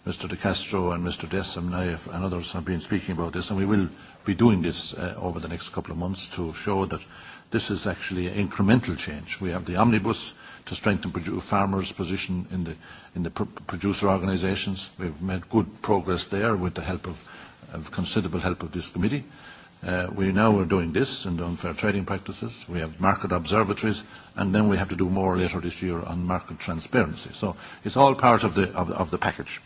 Speaker 2: Mr. De Castro and Mr. Dessam now and others have been speaking about this, and we will be doing this uh, over the next couple of months to show that this is actually an incremental change. We have the omnibus to strengthen farmers' position in the, in the pr producer organisations. We've made good progress there with the help of, of considerable help of this committee. Uh, we now are doing this in the unfair trading practices. We have market observatories, and then we have to do more later this year on market transparency. So it's all part of the, of, of the package.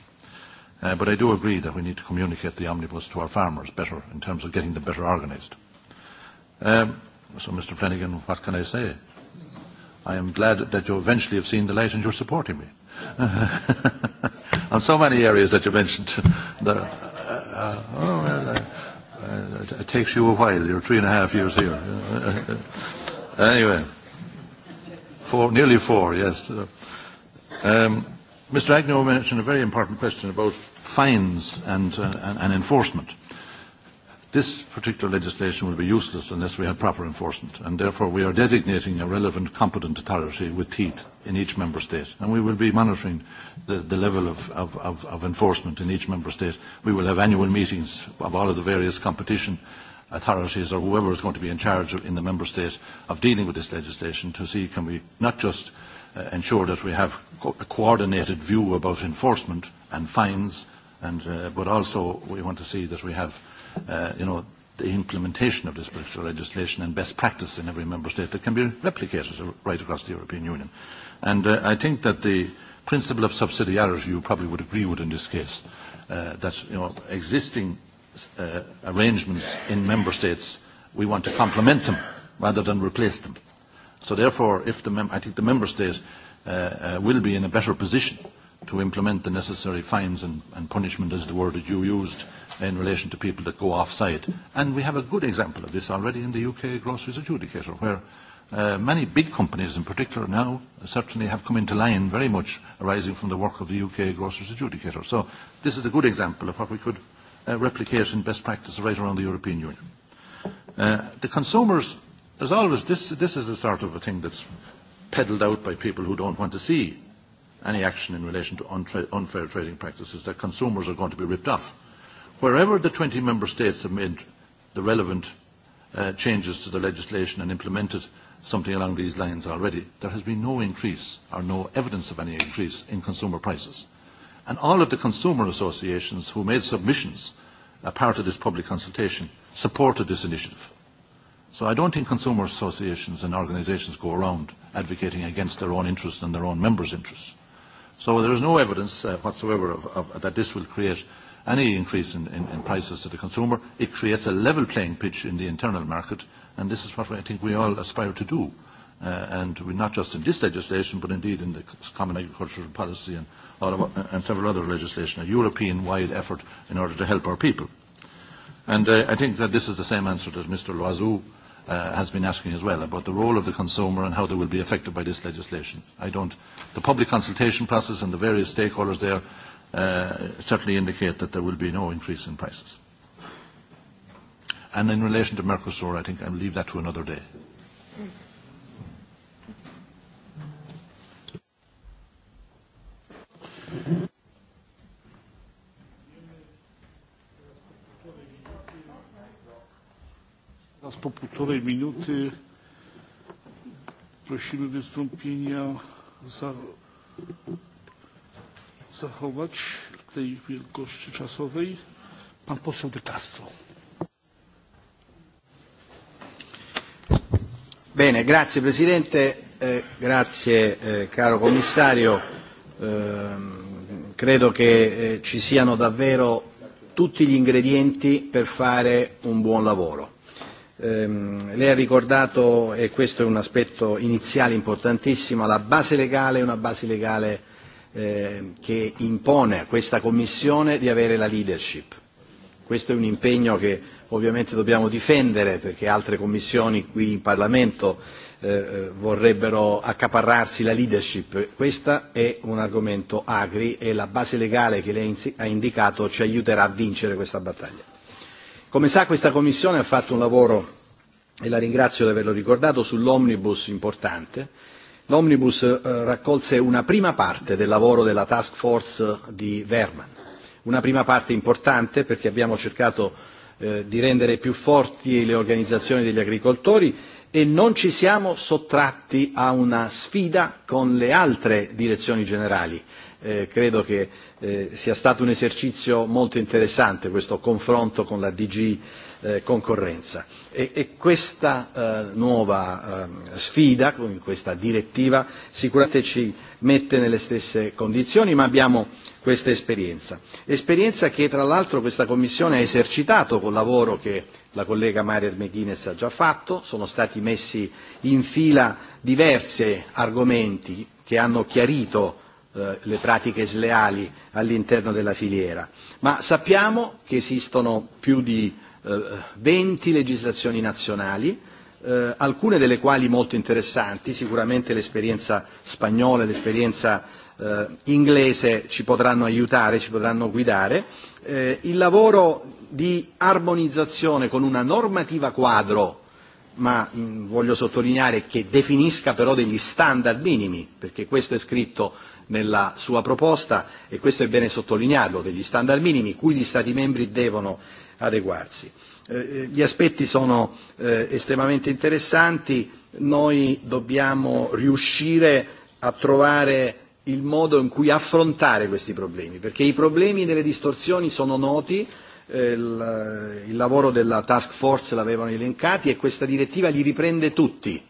Speaker 2: Uh, but I do agree that we need to communicate the omnibus to our farmers better in terms of getting them better organised. Um, so, Mr Flanagan, what can I say? I am glad that you eventually have seen the light and you're supporting me. On so many areas that you mentioned. That, uh,
Speaker 11: uh,
Speaker 2: oh, well, uh, uh, it takes you a while. You're three and a half years here. anyway, four, nearly four, yes. Um, Mr. Agnew mentioned a very important question about fines and, uh, and, and enforcement. This particular legislation will be useless unless we have proper enforcement, and therefore we are designating a relevant competent authority with teeth in each member state, and we will be monitoring the, the level of, of, of, of enforcement in each member state. We will have annual meetings of all of the various competition authorities or whoever is going to be in charge in the member state of dealing with this legislation to see can we not just Uh, ensure that we have a coordinated view about enforcement and fines, and, uh, but also we want to see that we have uh, you know, the implementation of this particular legislation and best practice in every member state that can be replicated right across the European Union. And uh, I think that the principle of subsidiarity you probably would agree with in this case, uh, that you know, existing uh, arrangements in member states, we want to complement them rather than replace them. So therefore, if the mem- I think the member state uh, uh, will be in a better position to implement the necessary fines and, and punishment, as the word that you used, in relation to people that go offside. And we have a good example of this already in the UK groceries adjudicator, where uh, many big companies in particular now certainly have come into line very much arising from the work of the UK groceries adjudicator. So this is a good example of what we could uh, replicate in best practice right around the European Union. Uh, the consumers There's always this. This is a sort of a thing that's peddled out by people who don't want to see any action in relation to untra- unfair trading practices. That consumers are going to be ripped off. Wherever the 20 member states have made the relevant uh, changes to the legislation and implemented something along these lines already, there has been no increase or no evidence of any increase in consumer prices. And all of the consumer associations who made submissions a part of this public consultation supported this initiative. So I don't think consumer associations and organisations go around advocating against their own interests and their own members' interests. So there is no evidence uh, whatsoever of, of, that this will create any increase in, in, in prices to the consumer. It creates a level playing pitch in the internal market, and this is what I think we all aspire to do. Uh, and we, not just in this legislation, but indeed in the common agricultural policy and, all of, uh, and several other legislation, a European-wide effort in order to help our people. And uh, I think that this is the same answer that Mr. Loiseau uh, has been asking as well about the role of the consumer and how they will be affected by this legislation. I don't, the public consultation process and the various stakeholders there uh, certainly indicate that there will be no increase in prices. And in relation to Mercosur, I think I'll leave that to another day.
Speaker 1: Teraz po półtorej minuty prosimy wystąpienia za, zachować tej wielkości czasowej. Pan poseł De Castro.
Speaker 13: Bene, grazie Presidente, eh, grazie eh, caro Commissario. Eh, credo che eh, ci siano davvero tutti gli ingredienti per fare un buon lavoro Ehm, lei ha ricordato, e questo è un aspetto iniziale importantissimo, la base legale è una base legale eh, che impone a questa Commissione di avere la leadership. Questo è un impegno che ovviamente dobbiamo difendere perché altre commissioni qui in Parlamento eh, vorrebbero accaparrarsi la leadership. Questo è un argomento agri e la base legale che lei ha indicato ci aiuterà a vincere questa battaglia. Come sa questa Commissione ha fatto un lavoro, e la ringrazio di averlo ricordato, sull'omnibus importante. L'omnibus eh, raccolse una prima parte del lavoro della task force di Verman, una prima parte importante perché abbiamo cercato eh, di rendere più forti le organizzazioni degli agricoltori e non ci siamo sottratti a una sfida con le altre direzioni generali eh, credo che eh, sia stato un esercizio molto interessante questo confronto con la DG eh, concorrenza e, e questa eh, nuova eh, sfida, questa direttiva sicuramente ci mette nelle stesse condizioni ma abbiamo questa esperienza. Esperienza che tra l'altro questa Commissione ha esercitato col lavoro che la collega Maria McGuinness ha già fatto, sono stati messi in fila diversi argomenti che hanno chiarito Eh, le pratiche sleali all'interno della filiera, ma sappiamo che esistono più di eh, 20 legislazioni nazionali, eh, alcune delle quali molto interessanti, sicuramente l'esperienza spagnola e l'esperienza eh, inglese ci potranno aiutare, ci potranno guidare. Eh, il lavoro di armonizzazione con una normativa quadro ma mh, voglio sottolineare che definisca però degli standard minimi, perché questo è scritto nella sua proposta e questo è bene sottolinearlo, degli standard minimi cui gli Stati membri devono adeguarsi. Eh, eh gli aspetti sono eh, estremamente interessanti, noi dobbiamo riuscire a trovare il modo in cui affrontare questi problemi, perché i problemi delle distorsioni sono noti, Eh, il, il lavoro della task force l'avevano elencati e questa direttiva li riprende tutti.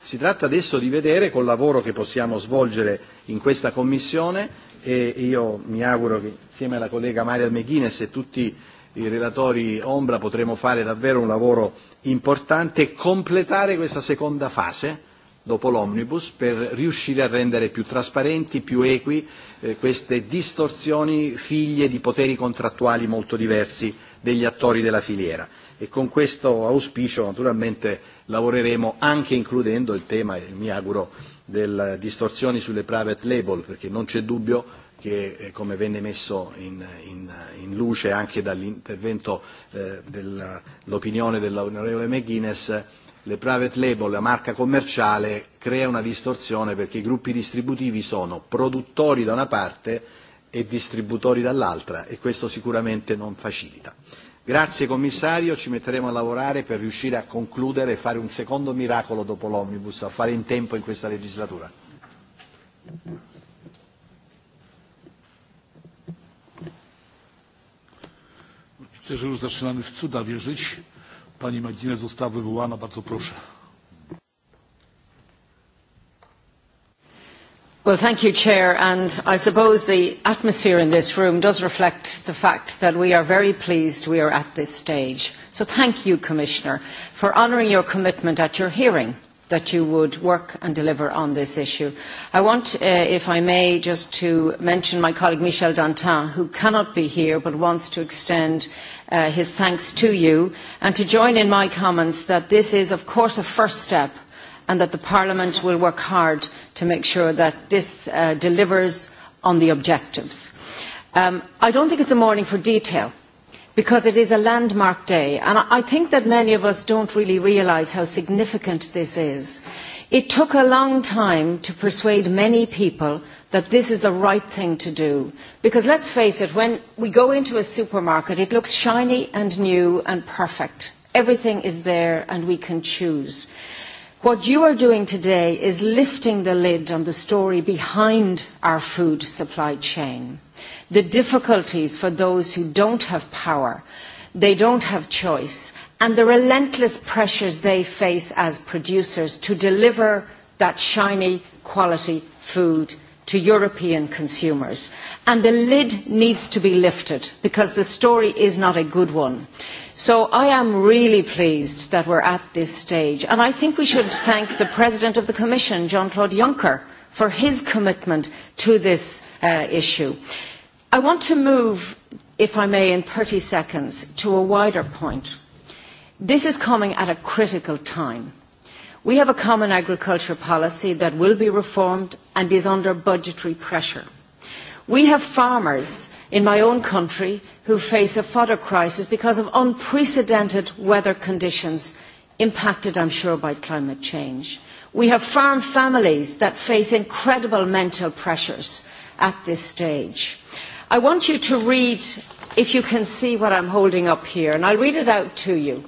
Speaker 13: Si tratta adesso di vedere col lavoro che possiamo svolgere in questa Commissione e io mi auguro che insieme alla collega Maria McGuinness e tutti i relatori ombra potremo fare davvero un lavoro importante e completare questa seconda fase dopo l'omnibus per riuscire a rendere più trasparenti, più equi eh, queste distorsioni figlie di poteri contrattuali molto diversi degli attori della filiera. E con questo auspicio naturalmente lavoreremo anche includendo il tema, e mi auguro, delle distorsioni sulle private label, perché non c'è dubbio che eh, come venne messo in, in, in luce anche dall'intervento eh, dell'opinione dell'onorevole McGuinness le private label, la marca commerciale, crea una distorsione perché i gruppi distributivi sono produttori da una parte e distributori dall'altra e questo sicuramente non facilita. Grazie commissario, ci metteremo a lavorare per riuscire a concludere e fare un secondo miracolo dopo l'omnibus, a fare in tempo in questa legislatura.
Speaker 1: zaczynamy w cuda wierzyć pani Medina została wywołana. Bardzo proszę.
Speaker 14: Well, thank you, Chair. And I suppose the atmosphere in this room does reflect the fact that we are very pleased we are at this stage. So thank you, Commissioner, for honouring your commitment at your hearing that you would work and deliver on this issue. I want, uh, if I may, just to mention my colleague Michel Dantin, who cannot be here but wants to extend Uh, his thanks to you and to join in my comments that this is of course a first step and that the Parliament will work hard to make sure that this uh, delivers on the objectives. Um, I don't think it's a morning for detail because it is a landmark day and I think that many of us don't really realise how significant this is. It took a long time to persuade many people that this is the right thing to do. Because let's face it, when we go into a supermarket, it looks shiny and new and perfect. Everything is there and we can choose. What you are doing today is lifting the lid on the story behind our food supply chain. The difficulties for those who don't have power, they don't have choice, and the relentless pressures they face as producers to deliver that shiny quality food to European consumers. And the lid needs to be lifted because the story is not a good one. So I am really pleased that we are at this stage. And I think we should thank the President of the Commission, Jean-Claude Juncker, for his commitment to this uh, issue. I want to move, if I may, in thirty seconds to a wider point. This is coming at a critical time We have a common agriculture policy that will be reformed and is under budgetary pressure. We have farmers in my own country who face a fodder crisis because of unprecedented weather conditions impacted, I am sure, by climate change. We have farm families that face incredible mental pressures at this stage. I want you to read, if you can see what I am holding up here, and I will read it out to you.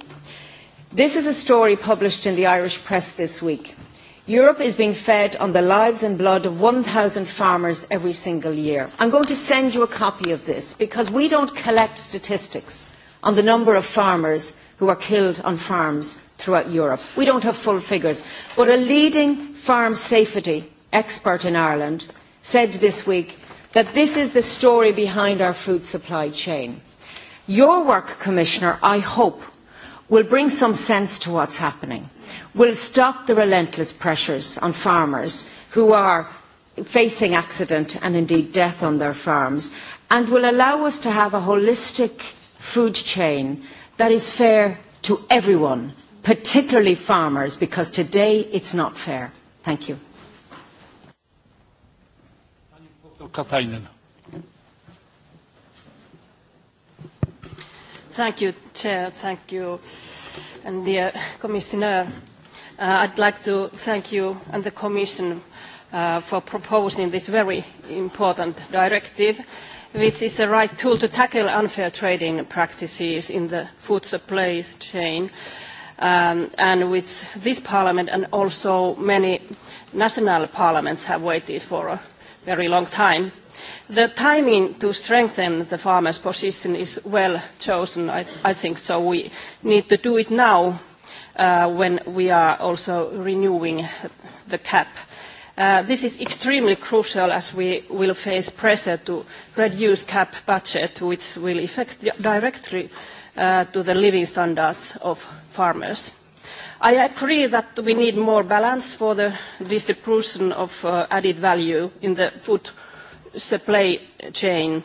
Speaker 14: This is a story published in the Irish press this week. Europe is being fed on the lives and blood of 1,000 farmers every single year. I'm going to send you a copy of this because we don't collect statistics on the number of farmers who are killed on farms throughout Europe. We don't have full figures. But a leading farm safety expert in Ireland said this week that this is the story behind our food supply chain. Your work, Commissioner, I hope, will bring some sense to what is happening, will stop the relentless pressures on farmers who are facing accident and indeed death on their farms, and will allow us to have a holistic food chain that is fair to everyone, particularly farmers, because today it is not fair. Thank you.
Speaker 15: Thank you, Chair. Thank you, and dear Commissioner. Uh, I'd like to thank you and the Commission uh, for proposing this very important directive, which is the right tool to tackle unfair trading practices in the food supply chain, um, and which this Parliament and also many national parliaments have waited for a very long time The timing to strengthen the farmers' position is well chosen, I, think, so we need to do it now uh, when we are also renewing the CAP. Uh, this is extremely crucial as we will face pressure to reduce CAP budget, which will affect directly uh, to the living standards of farmers. I agree that we need more balance for the distribution of added value in the food supply chain,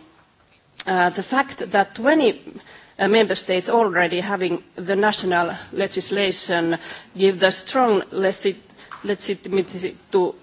Speaker 15: uh, the fact that 20 uh, member states already having the national legislation give the strong legitimacy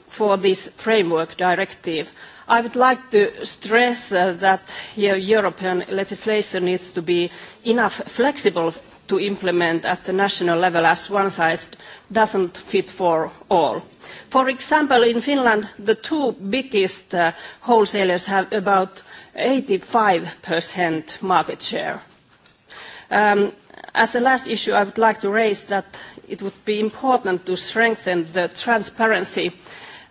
Speaker 15: for this framework directive. I would like to stress uh, that European legislation needs to be enough flexible to implement at the national level as one size does not fit for all. For example, in Finland, the two biggest uh, wholesalers have about 85% market share. Um, as a last issue, I would like to raise that it would be important to strengthen the transparency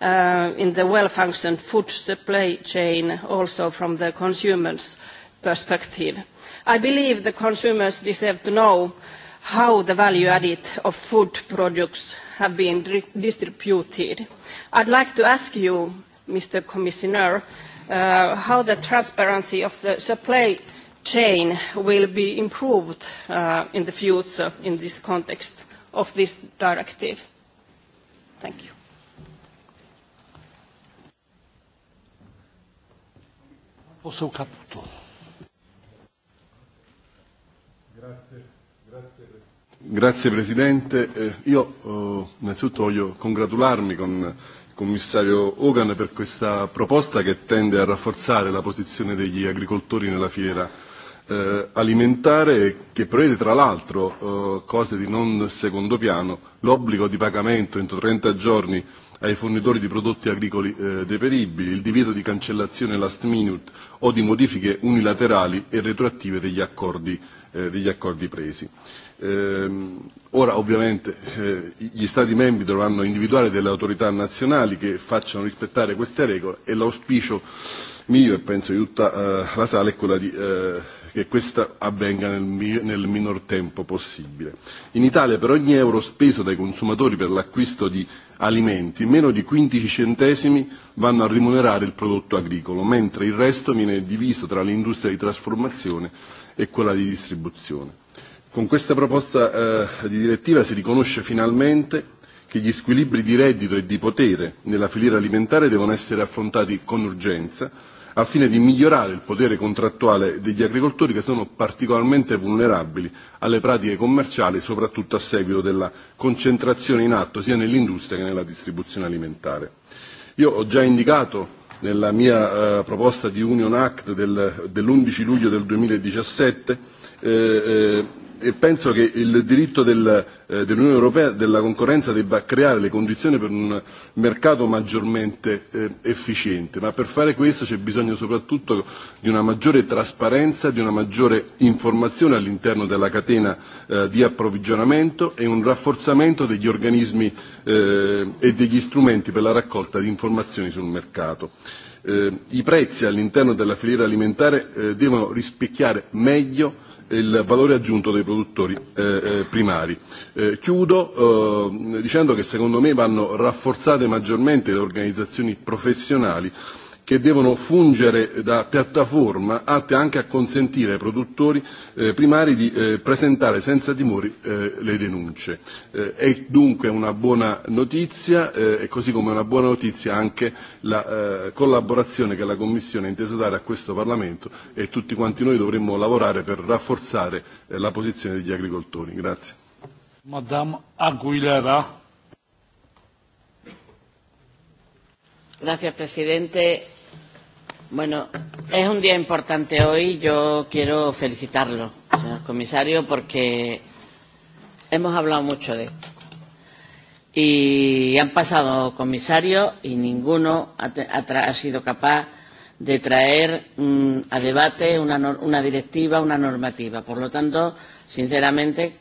Speaker 15: uh, in the well-functioned food supply chain also from the consumer's perspective i believe the consumers deserve to know how the value added of food products have been distributed. I'd like to ask you, Mr. Commissioner, uh, how the transparency of the supply chain will be improved uh, in the future in this context of this directive. Thank you.
Speaker 16: Grazie, Presidente. Eh, io eh, innanzitutto voglio congratularmi con il Commissario Hogan per questa proposta che tende a rafforzare la posizione degli agricoltori nella fiera eh, alimentare che prevede tra l'altro eh, cose di non secondo piano, l'obbligo di pagamento entro 30 giorni ai fornitori di prodotti agricoli eh, deperibili, il divieto di cancellazione last minute o di modifiche unilaterali e retroattive degli accordi eh, degli accordi presi. Eh, ora ovviamente eh, gli Stati membri dovranno individuare delle autorità nazionali che facciano rispettare queste regole e l'auspicio mio e penso di tutta eh, la Sala è quella di, eh, che questa avvenga nel, nel minor tempo possibile. In Italia per ogni euro speso dai consumatori per l'acquisto di alimenti, meno di 15 centesimi vanno a rimunerare il prodotto agricolo, mentre il resto viene diviso tra l'industria di trasformazione e quella di distribuzione. Con questa proposta eh, di direttiva si riconosce finalmente che gli squilibri di reddito e di potere nella filiera alimentare devono essere affrontati con urgenza al fine di migliorare il potere contrattuale degli agricoltori che sono particolarmente vulnerabili alle pratiche commerciali, soprattutto a seguito della concentrazione in atto sia nell'industria che nella distribuzione alimentare. Io ho già indicato nella mia eh, proposta di Union Act del, dell'11 luglio del 2017 eh, eh, e penso che il diritto del, eh, dell'Unione Europea della concorrenza debba creare le condizioni per un mercato maggiormente eh, efficiente, ma per fare questo c'è bisogno soprattutto di una maggiore trasparenza, di una maggiore informazione all'interno della catena eh, di approvvigionamento e un rafforzamento degli organismi eh, e degli strumenti per la raccolta di informazioni sul mercato. Eh, I prezzi all'interno della filiera alimentare eh, devono rispecchiare meglio il valore aggiunto dei produttori eh, eh, primari. Eh, chiudo eh, dicendo che secondo me vanno rafforzate maggiormente le organizzazioni professionali che devono fungere da piattaforma atte anche a consentire ai produttori eh, primari di eh, presentare senza timori eh, le denunce. Eh, è dunque una buona notizia eh, e così come una buona notizia anche la eh, collaborazione che la Commissione ha inteso dare a questo Parlamento e tutti quanti noi dovremmo lavorare per rafforzare eh, la posizione degli agricoltori. Grazie.
Speaker 1: Madame Aguilera.
Speaker 17: Gracias, presidente. Bueno, es un día importante hoy. Yo quiero felicitarlo, señor comisario, porque hemos hablado mucho de esto. Y han pasado comisarios y ninguno ha, ha, ha sido capaz de traer mm, a debate una, una directiva, una normativa. Por lo tanto, sinceramente,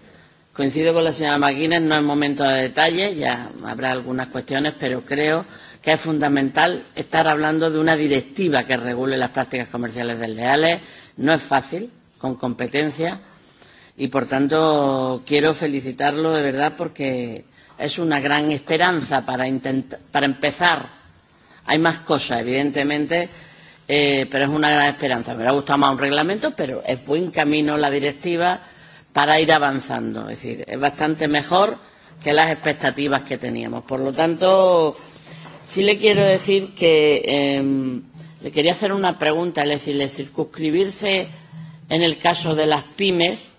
Speaker 17: Coincido con la señora Maguina, no es momento de detalles, ya habrá algunas cuestiones, pero creo que es fundamental estar hablando de una directiva que regule las prácticas comerciales desleales. No es fácil, con competencia, y por tanto quiero felicitarlo de verdad porque es una gran esperanza para, para empezar. Hay más cosas, evidentemente, eh, pero es una gran esperanza. Me ha gustado más un reglamento, pero es buen camino la directiva para ir avanzando. Es decir, es bastante mejor que las expectativas que teníamos. Por lo tanto, sí le quiero decir que eh, le quería hacer una pregunta, es decir, le circunscribirse en el caso de las pymes,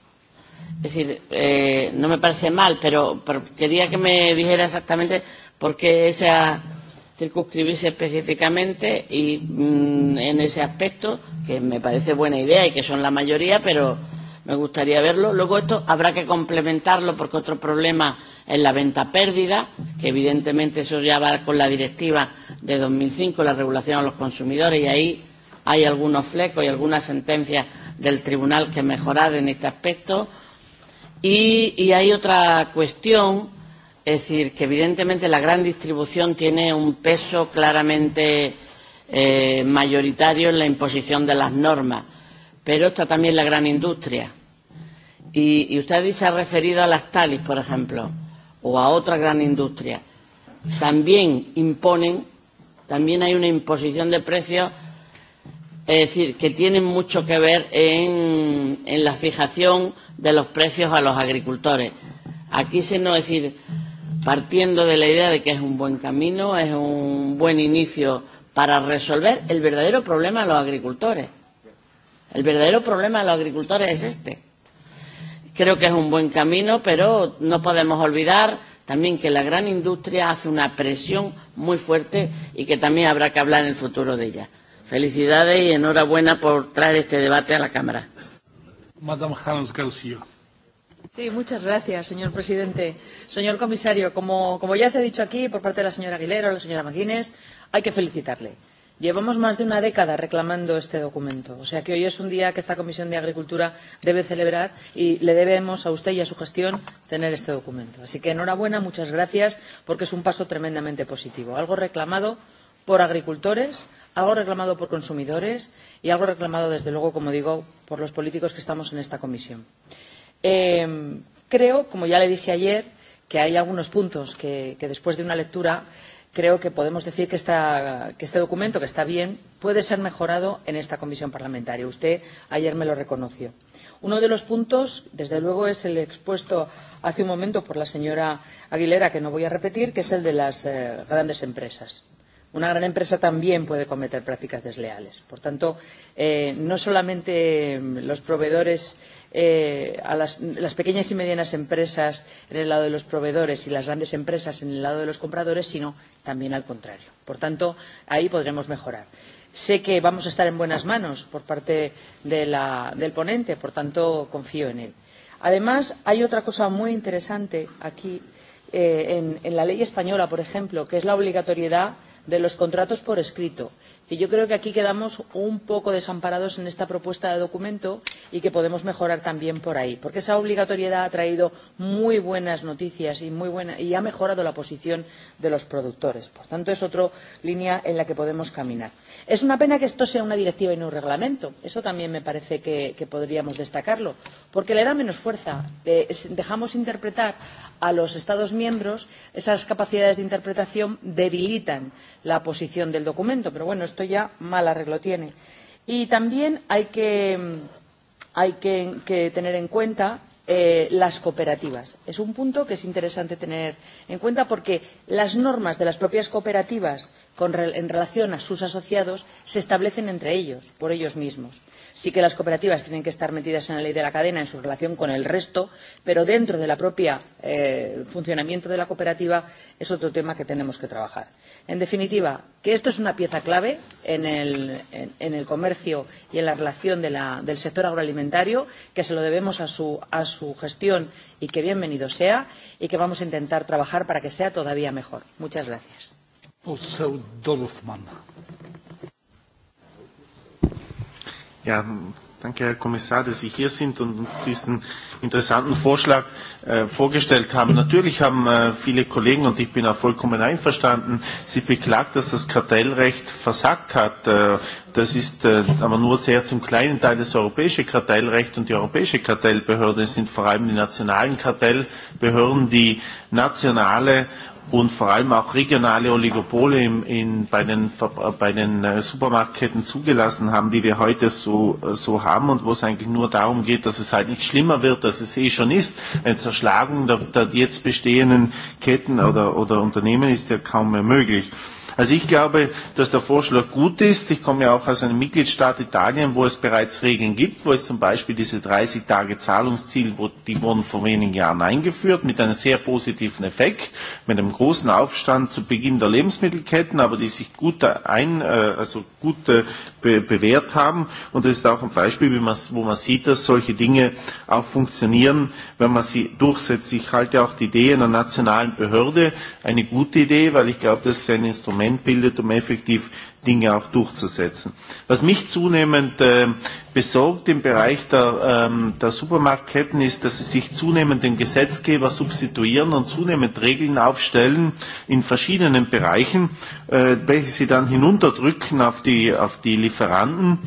Speaker 17: es decir, eh, no me parece mal, pero, pero quería que me dijera exactamente por qué esa circunscribirse específicamente y mmm, en ese aspecto, que me parece buena idea y que son la mayoría, pero me gustaría verlo. Luego esto habrá que complementarlo porque otro problema es la venta pérdida, que evidentemente eso ya va con la directiva de 2005, la regulación a los consumidores, y ahí hay algunos flecos y algunas sentencias del tribunal que mejorar en este aspecto. Y, y hay otra cuestión, es decir, que evidentemente la gran distribución tiene un peso claramente eh, mayoritario en la imposición de las normas pero está también la gran industria Y, y usted se ha referido a las talis, por ejemplo, o a otra gran industria. También imponen, también hay una imposición de precios, es decir, que tienen mucho que ver en, en la fijación de los precios a los agricultores. Aquí se nos decir, partiendo de la idea de que es un buen camino, es un buen inicio para resolver el verdadero problema de los agricultores. El verdadero problema de los agricultores es este. Creo que es un buen camino, pero no podemos olvidar también que la gran industria hace una presión muy fuerte y que también habrá que hablar en el futuro de ella. Felicidades y enhorabuena por traer este debate a la Cámara. Madame Hans García.
Speaker 18: Sí, muchas gracias, señor presidente. Señor comisario, como, como ya se ha dicho aquí por parte de la señora Aguilera o la señora McGuinness, hay que felicitarle Llevamos más de una década reclamando este documento, o sea que hoy es un día que esta Comisión de Agricultura debe celebrar y le debemos a usted y a su gestión tener este documento. Así que enhorabuena, muchas gracias, porque es un paso tremendamente positivo. Algo reclamado por agricultores, algo reclamado por consumidores y algo reclamado, desde luego, como digo, por los políticos que estamos en esta comisión. Eh, creo, como ya le dije ayer, que hay algunos puntos que, que después de una lectura creo que podemos decir que, esta, que este documento, que está bien, puede ser mejorado en esta comisión parlamentaria. Usted ayer me lo reconoció. Uno de los puntos, desde luego, es el expuesto hace un momento por la señora Aguilera, que no voy a repetir, que es el de las eh, grandes empresas. Una gran empresa también puede cometer prácticas desleales. Por tanto, eh, no solamente los proveedores eh, eh, a las, las pequeñas y medianas empresas en el lado de los proveedores y las grandes empresas en el lado de los compradores, sino también al contrario. Por tanto, ahí podremos mejorar sé que vamos a estar en buenas manos por parte de la, del ponente, por tanto confío en él. Además, hay otra cosa muy interesante aquí eh, en, en la ley española, por ejemplo, que es la obligatoriedad de los contratos por escrito yo creo que aquí quedamos un poco desamparados en esta propuesta de documento y que podemos mejorar también por ahí porque esa obligatoriedad ha traído muy buenas noticias y, muy buena, y ha mejorado la posición de los productores. por tanto es otra línea en la que podemos caminar. es una pena que esto sea una directiva y no un reglamento eso también me parece que, que podríamos destacarlo porque le da menos fuerza eh, dejamos interpretar a los estados miembros esas capacidades de interpretación debilitan la posición del documento. Pero bueno, esto ya mal arreglo tiene. Y también hay que, tener en cuenta eh, las cooperativas. Es un punto que es interesante tener en cuenta porque las normas de las propias cooperativas en relación a sus asociados se establecen entre ellos, por ellos mismos sí que las cooperativas tienen que estar metidas en la ley de la cadena en su relación con el resto, pero dentro del propio eh, funcionamiento de la cooperativa es otro tema que tenemos que trabajar. En definitiva, que esto es una pieza clave en el, en, en el comercio y en la relación de la, del sector agroalimentario, que se lo debemos a su, a su gestión y que bienvenido sea y que vamos a intentar trabajar para que sea todavía mejor. Muchas gracias.
Speaker 19: Ja, danke, Herr Kommissar, dass Sie hier sind und uns diesen interessanten Vorschlag äh, vorgestellt haben. Natürlich haben äh, viele Kollegen, und ich bin auch vollkommen einverstanden, Sie beklagt, dass das Kartellrecht versagt hat. Äh, Das ist äh, aber nur sehr zum kleinen Teil das europäische Kartellrecht und die europäische Kartellbehörde sind vor allem die nationalen Kartellbehörden, die nationale und vor allem auch regionale Oligopole in, in, bei den, bei den äh, Supermarktketten zugelassen haben, die wir heute so, äh, so haben und wo es eigentlich nur darum geht, dass es halt nicht schlimmer wird, dass es eh schon ist. Eine Zerschlagung der, der jetzt bestehenden Ketten oder, oder Unternehmen ist ja kaum mehr möglich. Also ich glaube, dass der Vorschlag gut ist. Ich komme ja auch aus einem Mitgliedstaat Italien, wo es bereits Regeln gibt, wo es zum Beispiel diese 30 Tage Zahlungsziel, wo, die wurden vor wenigen Jahren eingeführt mit einem sehr positiven Effekt, mit einem großen Aufstand zu Beginn der Lebensmittelketten, aber die sich gut, ein, äh, also gut äh, be bewährt haben. Und das ist auch ein Beispiel, wie man, wo man sieht, dass solche Dinge auch funktionieren, wenn man sie durchsetzt. Ich halte auch die Idee einer nationalen Behörde eine gute Idee, weil ich glaube, das ist ein Instrument, Instrument bildet, um effektiv Dinge auch durchzusetzen. Was mich zunehmend äh, besorgt im Bereich der, ähm, der Supermarktketten ist, dass sie sich zunehmend den Gesetzgeber substituieren und zunehmend Regeln aufstellen in verschiedenen Bereichen, äh, welche sie dann hinunterdrücken auf die, auf die Lieferanten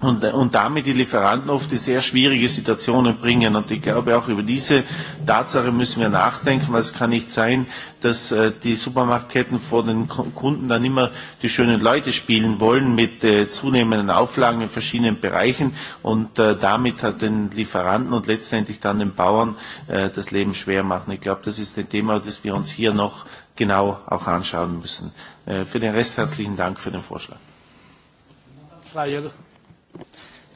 Speaker 19: und, äh, und damit die Lieferanten oft in sehr schwierige Situationen bringen. Und ich glaube, auch über diese Tatsache müssen wir nachdenken, weil es kann nicht sein, dass äh, die Supermarktketten vor den Kunden dann immer die schönen Leute spielen wollen mit äh, zunehmenden Auflagen in verschiedenen Bereichen und äh, damit hat den Lieferanten und letztendlich dann den Bauern äh, das Leben schwer machen. Ich glaube, das ist ein Thema, das wir uns hier noch genau auch anschauen müssen. Äh, für den Rest herzlichen Dank für den Vorschlag.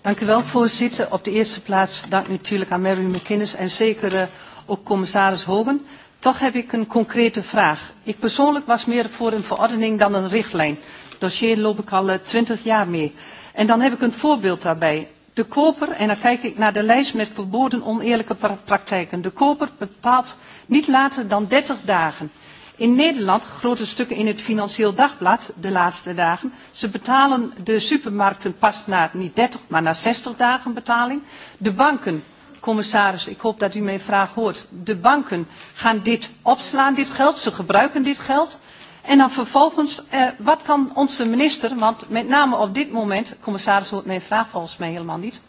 Speaker 20: Dank u wel, voorzitter. Op de eerste plaats dank natuurlijk aan Mary McInnes en zeker eh, ook commissaris Hogan. Toch heb ik een concrete vraag. Ik persoonlijk was meer voor een verordening dan een richtlijn. Het dossier loop ik al eh, twintig jaar mee. En dan heb ik een voorbeeld daarbij. De koper, en dan kijk ik naar de lijst met verboden oneerlijke praktijken. De koper bepaalt niet later dan dertig dagen. In Nederland grote stukken in het Financieel Dagblad de laatste dagen. Ze betalen de supermarkten pas na niet 30, maar na 60 dagen betaling. De banken, commissaris, ik hoop dat u mijn vraag hoort. De banken gaan dit opslaan, dit geld. Ze gebruiken dit geld. En dan vervolgens, eh, wat kan onze minister, want met name op dit moment, commissaris hoort mijn vraag volgens mij helemaal niet,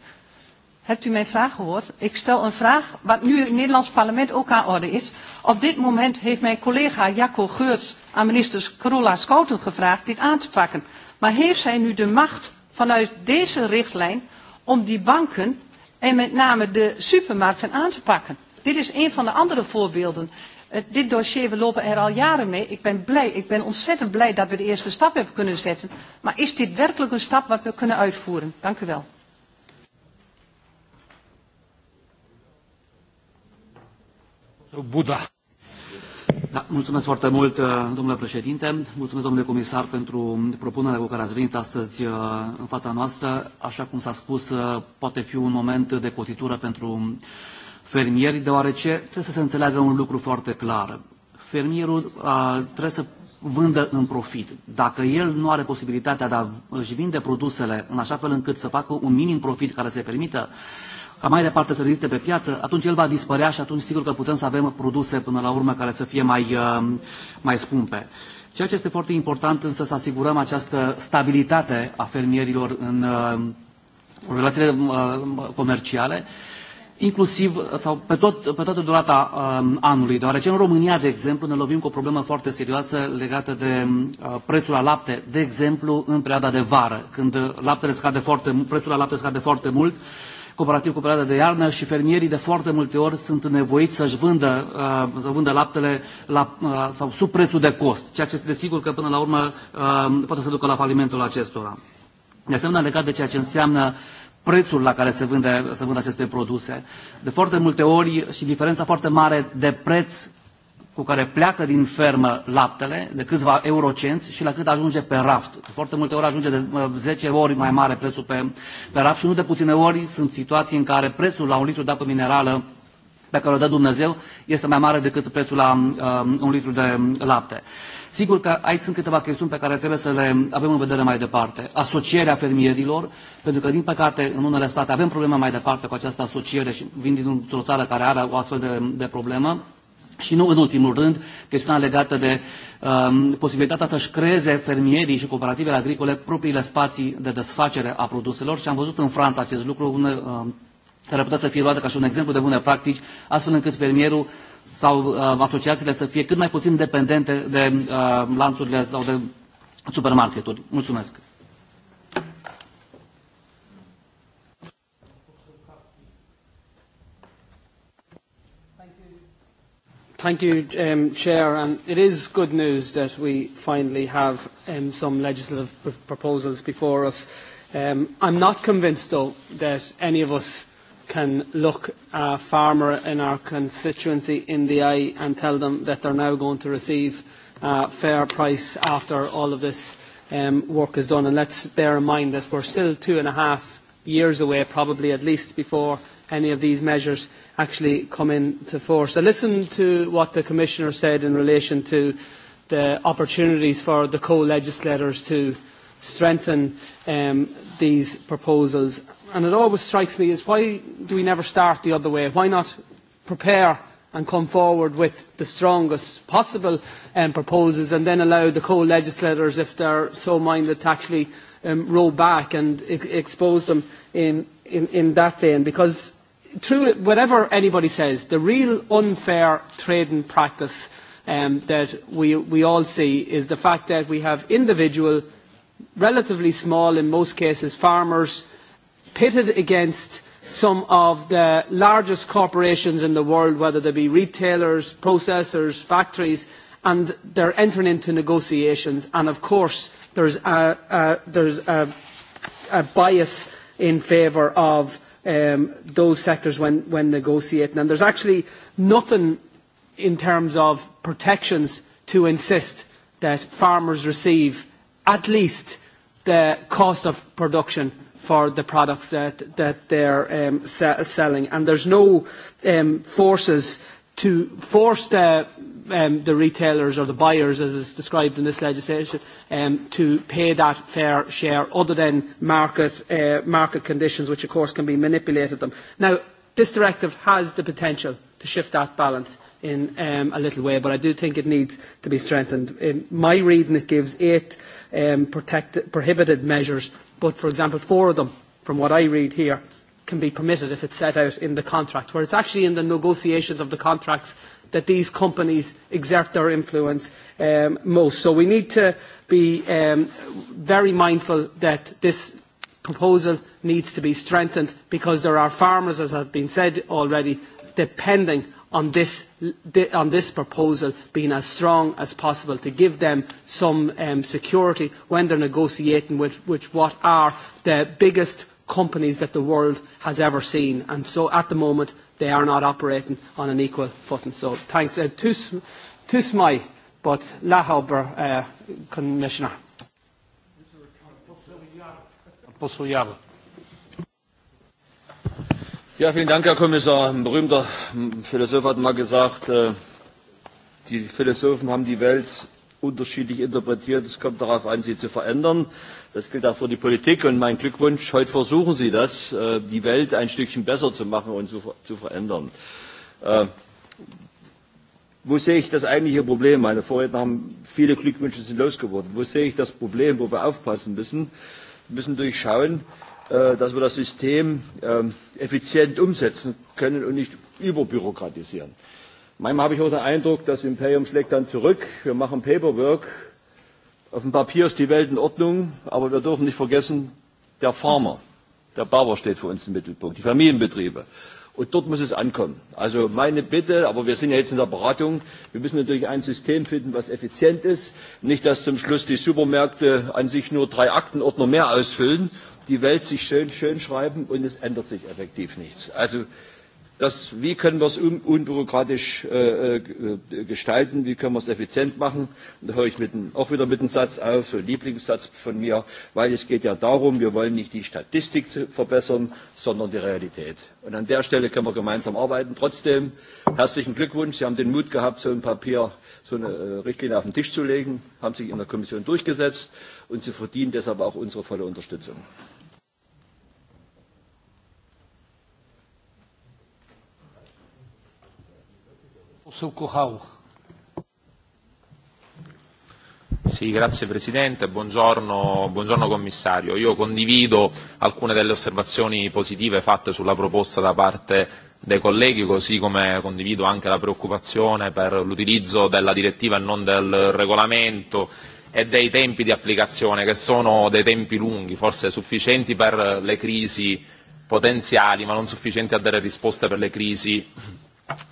Speaker 20: Hebt u mijn vraag gehoord? Ik stel een vraag, wat nu in het Nederlands parlement ook aan orde is. Op dit moment heeft mijn collega Jacco Geurts aan minister Carola Schouten gevraagd dit aan te pakken. Maar heeft zij nu de macht vanuit deze richtlijn om die banken en met name de supermarkten aan te pakken? Dit is een van de andere voorbeelden. dit dossier, we lopen er al jaren mee. Ik ben blij, ik ben ontzettend blij dat we de eerste stap hebben kunnen zetten. Maar is dit werkelijk een stap wat we kunnen uitvoeren? Dank u wel. Buda.
Speaker 21: Da, mulțumesc foarte mult, uh, domnule președinte. Mulțumesc, domnule comisar, pentru propunerea cu care ați venit astăzi uh, în fața noastră. Așa cum s-a spus, uh, poate fi un moment de cotitură pentru fermieri, deoarece trebuie să se înțeleagă un lucru foarte clar. Fermierul trebuie să vândă în profit. Dacă el nu are posibilitatea de a își vinde produsele în așa fel încât să facă un minim profit care se permită ca mai departe să reziste pe piață, atunci el va dispărea și atunci sigur că putem să avem produse până la urmă care să fie mai, uh, mai scumpe. Ceea ce este foarte important însă să asigurăm această stabilitate a fermierilor în uh, relațiile uh, comerciale, inclusiv sau pe, tot, pe toată durata uh, anului, deoarece în România, de exemplu, ne lovim cu o problemă foarte serioasă legată de uh, prețul la lapte, de exemplu, în perioada de vară, când laptele scade foarte, prețul la lapte scade foarte mult, uh, Cooperativ cu perioada de iarnă și fermierii de foarte multe ori sunt nevoiți să-și vândă, uh, să vândă laptele la, uh, sau sub prețul de cost, ceea ce este desigur, că până la urmă uh, poate să ducă la falimentul acestora. De asemenea, legat de ceea ce înseamnă prețul la care se, vânde, se aceste produse. De foarte multe ori și diferența foarte mare de preț cu care pleacă din fermă laptele de câțiva eurocenți și la cât ajunge pe raft. Foarte multe ori ajunge de 10 ori mai mare prețul pe, pe raft și nu de puține ori sunt situații în care prețul la un litru de apă minerală pe care o dă Dumnezeu este mai mare decât prețul la uh, un litru de lapte. Sigur că aici sunt câteva chestiuni pe care trebuie să le avem în vedere mai departe. Asocierea fermierilor, pentru că, din păcate, în unele state avem probleme mai departe cu această asociere și vin dintr-o țară care are o astfel de, de problemă Și nu în ultimul rând, chestiunea legată de um, posibilitatea să-și creeze fermierii și cooperativele agricole propriile spații de desfacere a produselor și am văzut în Franța acest lucru, un, um, care putea să fie luată ca și un exemplu de bune practici, astfel încât fermierul sau um, asociațiile să fie cât mai puțin dependente de uh, lanțurile sau de supermarketuri. Mulțumesc!
Speaker 22: Thank you, um, Chair. And um, it is good news that we finally have um, some legislative pr proposals before us. Um, I'm not convinced, though, that any of us can look a farmer in our constituency in the eye and tell them that they're now going to receive a fair price after all of this um, work is done. And let's bear in mind that we're still two and a half years away, probably at least, before any of these measures actually come into force. I listened to what the Commissioner said in relation to the opportunities for the co-legislators to strengthen um, these proposals. And it always strikes me is why do we never start the other way? Why not prepare and come forward with the strongest possible um, proposals and then allow the co-legislators, if they are so minded, to actually um, roll back and e-, expose them in, in, in that vein? Because through whatever anybody says, the real unfair trading practice um, that we, we all see is the fact that we have individual, relatively small in most cases, farmers pitted against some of the largest corporations in the world, whether they be retailers, processors, factories, and they're entering into negotiations. And of course, there's a, a, there's a, a bias in favour of um, those sectors when, when negotiating. And there's actually nothing in terms of protections to insist that farmers receive at least the cost of production for the products that, that they're um, se selling. And there's no um, forces to force the um, the retailers or the buyers, as is described in this legislation, um, to pay that fair share other than market, uh, market conditions, which of course can be manipulated them. Now, this directive has the potential to shift that balance in um, a little way, but I do think it needs to be strengthened. In my reading, it gives eight um, protect, prohibited measures, but for example, four of them, from what I read here, can be permitted if it's set out in the contract, where it's actually in the negotiations of the contracts that these companies exert their influence um, most. So we need to be um, very mindful that this proposal needs to be strengthened because there are farmers, as has been said already, depending on this, on this proposal being as strong as possible to give them some um, security when they are negotiating with, with what are the biggest companies that the world has ever seen. And so at the moment, they are not operating on an equal footing. So thanks. Uh, tus, tus mai, but lahober,
Speaker 23: uh, Commissioner. Ja, vielen Dank, Herr Kommissar. Ein berühmter Philosoph hat mal gesagt, äh, die Philosophen haben die Welt unterschiedlich interpretiert. Es kommt darauf an, sie zu verändern. Das gilt auch für die Politik. Und mein Glückwunsch, heute versuchen Sie das, äh, die Welt ein Stückchen besser zu machen und zu, verändern. Äh, wo sehe ich das eigentliche Problem? Meine Vorredner haben viele Glückwünsche sind losgeworden. Wo sehe ich das Problem, wo wir aufpassen müssen? Wir müssen durchschauen, äh, dass wir das System effizient umsetzen können und nicht überbürokratisieren. Manchmal habe ich auch den Eindruck, das Imperium schlägt dann zurück. Wir machen Paperwork Auf dem Papier ist die Welt in Ordnung, aber wir dürfen nicht vergessen, der Farmer, der Bauer steht für uns im Mittelpunkt, die Familienbetriebe. Und dort muss es ankommen. Also meine Bitte, aber wir sind ja jetzt in der Beratung, wir müssen natürlich ein System finden, das effizient ist. Nicht, dass zum Schluss die Supermärkte an sich nur drei Aktenordner mehr ausfüllen, die Welt sich schön, schön schreiben und es ändert sich effektiv nichts. Also das, wie können wir es un unbürokratisch äh, äh, gestalten, wie können wir es effizient machen. Und da höre ich mit, auch wieder mit einem Satz auf, so ein Lieblingssatz von mir, weil es geht ja darum, wir wollen nicht die Statistik verbessern, sondern die Realität. Und an der Stelle können wir gemeinsam arbeiten. Trotzdem herzlichen Glückwunsch, Sie haben den Mut gehabt, so ein Papier, so eine äh, Richtlinie auf den Tisch zu legen, haben sich in der Kommission durchgesetzt und Sie verdienen deshalb auch unsere volle Unterstützung.
Speaker 24: grazie Presidente, buongiorno, buongiorno Commissario. Io condivido alcune delle osservazioni positive fatte sulla proposta da parte dei colleghi, così come condivido anche la preoccupazione per l'utilizzo della direttiva e non del regolamento e dei tempi di applicazione, che sono dei tempi lunghi, forse sufficienti per le crisi potenziali, ma non sufficienti a dare risposte per le crisi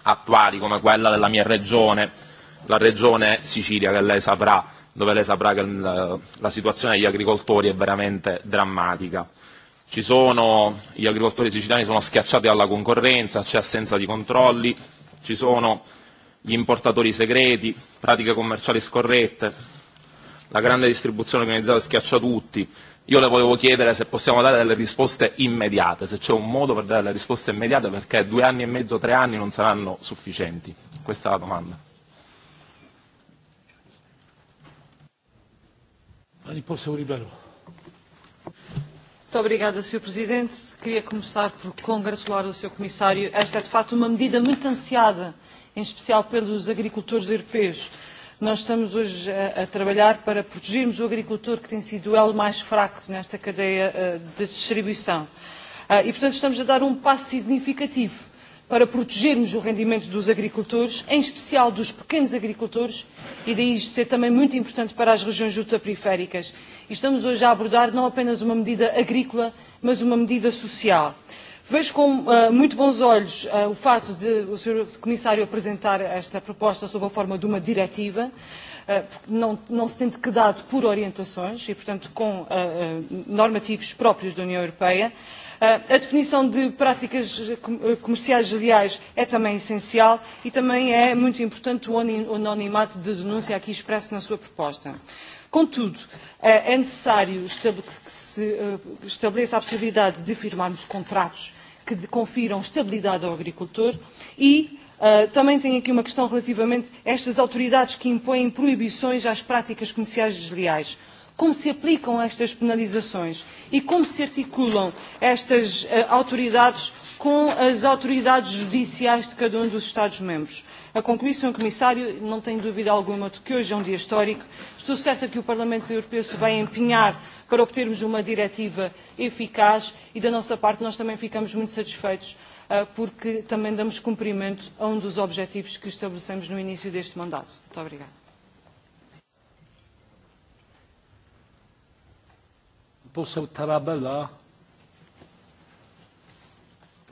Speaker 24: attuali come quella della mia regione, la regione Sicilia, che lei saprà, dove lei saprà che la, situazione degli agricoltori è veramente drammatica. Ci sono, gli agricoltori siciliani sono schiacciati dalla concorrenza, c'è assenza di controlli, ci sono gli importatori segreti, pratiche commerciali scorrette, la grande distribuzione organizzata schiaccia tutti, Io le volevo chiedere se possiamo dare delle risposte immediate, se c'è un modo per dare delle risposte immediate perché due anni e mezzo, tre anni non saranno sufficienti. Questa è la domanda.
Speaker 1: Muito
Speaker 25: obrigada, Sr. Presidente. Queria começar por congratular o Sr. Comissário. Esta é, de facto, uma medida muito ansiada, em especial pelos agricultores europeus nós estamos hoje a, trabalhar para protegermos o agricultor que tem sido o elo mais fraco nesta cadeia eh, de distribuição. Ah, e, portanto, estamos a dar um passo significativo para protegermos o rendimento dos agricultores, em especial dos pequenos agricultores, e daí isto ser também muito importante para as regiões ultraperiféricas. E estamos hoje a abordar não apenas uma medida agrícola, mas uma medida social. Vejo com uh, muito bons olhos uh, o fato de o Sr. Comissário apresentar esta proposta sob a forma de uma diretiva, uh, não, não se tendo quedado por orientações e, portanto, com uh, uh, normativos próprios da União Europeia. Uh, a definição de práticas comerciais leais é também essencial e também é muito importante o anonimato de denúncia aqui expresso na sua proposta. Contudo, é necessário que se estabeleça a possibilidade de firmarmos contratos que confiram estabilidade ao agricultor e Uh, também tem aqui uma questão relativamente a estas autoridades que impõem proibições às práticas comerciais desleais como se aplicam estas penalizações e como se articulam estas uh, autoridades com as autoridades judiciais de cada um dos Estados-membros. A concluir, Sr. Comissário, não tenho dúvida alguma de que hoje é um dia histórico. Estou certa que o Parlamento Europeu se vai empenhar para obtermos uma diretiva eficaz e, da nossa parte, nós também ficamos muito satisfeitos eh, porque também damos cumprimento a um dos objetivos que estabelecemos no início deste mandato. Muito obrigada.
Speaker 1: poseł Tarabella.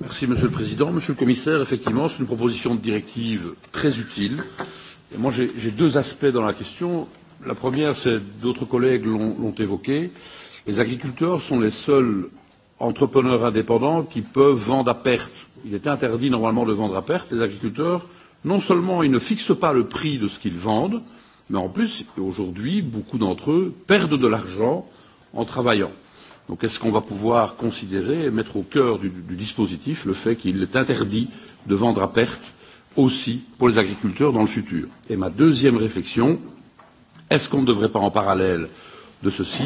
Speaker 26: Merci, Monsieur le Président. Monsieur le Commissaire, effectivement, c'est une proposition de directive très utile. Et moi, j'ai deux aspects dans la question. La première, c'est d'autres collègues l'ont évoqué. Les agriculteurs sont les seuls entrepreneurs indépendants qui peuvent vendre à perte. Il est interdit normalement de vendre à perte. Les agriculteurs, non seulement ils ne fixent pas le prix de ce qu'ils vendent, mais en plus, aujourd'hui, beaucoup d'entre eux perdent de l'argent en travaillant. Donc est-ce qu'on va pouvoir considérer et mettre au cœur du, du dispositif le fait qu'il est interdit de vendre à perte aussi pour les agriculteurs dans le futur Et ma deuxième réflexion, est-ce qu'on ne devrait pas en parallèle de ceci,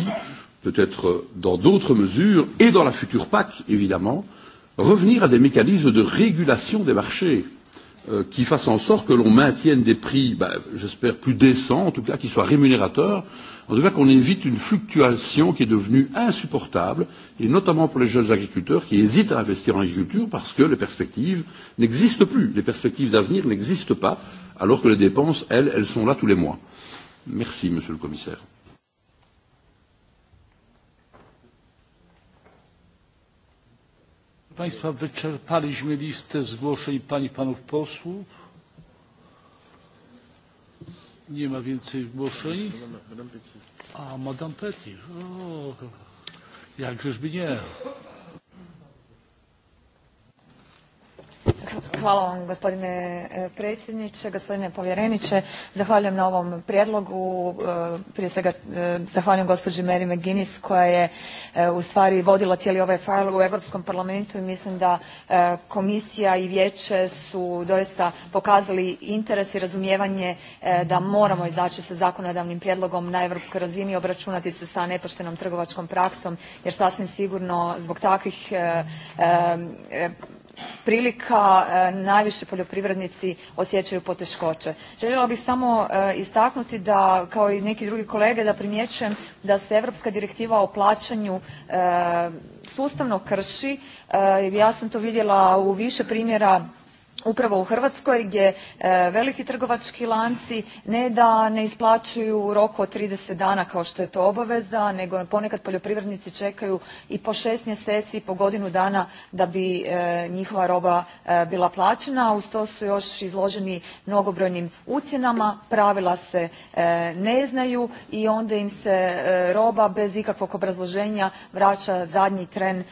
Speaker 26: peut-être dans d'autres mesures et dans la future PAC évidemment, revenir à des mécanismes de régulation des marchés euh, qui fassent en sorte que l'on maintienne des prix, ben, j'espère, plus décents, en tout cas, qui soient rémunérateurs en tout cas qu'on évite une fluctuation qui est devenue insupportable, et notamment pour les jeunes agriculteurs qui hésitent à investir en agriculture parce que les perspectives n'existent plus, les perspectives d'avenir n'existent pas, alors que les dépenses, elles, elles sont là tous les mois. Merci, Monsieur le Commissaire.
Speaker 1: Państwa, wyczerpaliśmy listę zgłoszeń pani i panów posłów nie ma więcej zgłoszeń.
Speaker 21: A, Madame Petit. O,
Speaker 1: jakżeż by nie.
Speaker 27: Hvala vam gospodine e, predsjedniče, gospodine povjereniče. Zahvaljujem na ovom prijedlogu. E, prije svega e, zahvaljujem gospođi Mary McGuinness koja je u stvari vodila cijeli ovaj fajl u Europskom parlamentu i mislim da komisija i vijeće su doista pokazali interes i razumijevanje da moramo izaći sa zakonodavnim prijedlogom na europskoj razini i obračunati se sa nepoštenom trgovačkom praksom jer sasvim sigurno zbog takvih prilika e, najviše poljoprivrednici osjećaju poteškoće. Željela bih samo e, istaknuti da, kao i neki drugi kolege, da primjećujem da se Europska direktiva o plaćanju e, sustavno krši. Ja sam to vidjela u više primjera upravo u Hrvatskoj gdje e, veliki trgovački lanci ne da ne isplaćuju u roku od trideset dana kao što je to obaveza, nego ponekad poljoprivrednici čekaju i po šest mjeseci i po godinu dana da bi e, njihova roba e, bila plaćena, a uz to su još izloženi mnogobrojnim ucjenama, pravila se ne znaju i onda im se roba bez ikakvog obrazloženja vraća zadnji tren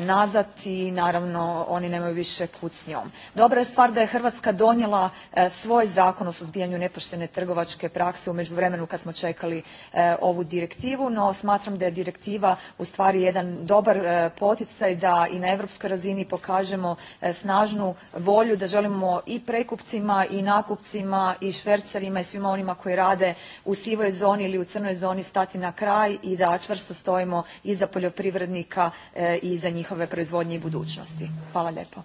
Speaker 27: nazad i naravno oni nemaju više kud s njom. Dobra je stvar da je Hrvatska donijela e, svoj zakon o suzbijanju nepoštene trgovačke prakse u međuvremenu kad smo čekali e, ovu direktivu, no smatram da je direktiva ustvari jedan dobar e, poticaj da i na europskoj razini pokažemo snažnu volju da želimo i prekupcima i nakupcima i švercerima i svima onima koji rade u sivoj zoni ili u crnoj zoni stati na kraj i da čvrsto stojimo iza poljoprivrednika i iza njihove proizvodnje i budućnosti. Hvala lijepo.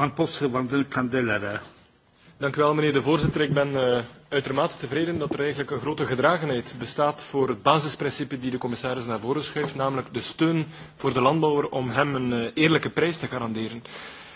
Speaker 1: Pan poseł Dank u wel, meneer de voorzitter. Ik ben uh, uitermate tevreden dat er eigenlijk een grote gedragenheid bestaat voor het basisprincipe die de commissaris naar voren schuift, namelijk de steun voor de landbouwer om hem een uh, eerlijke prijs te garanderen.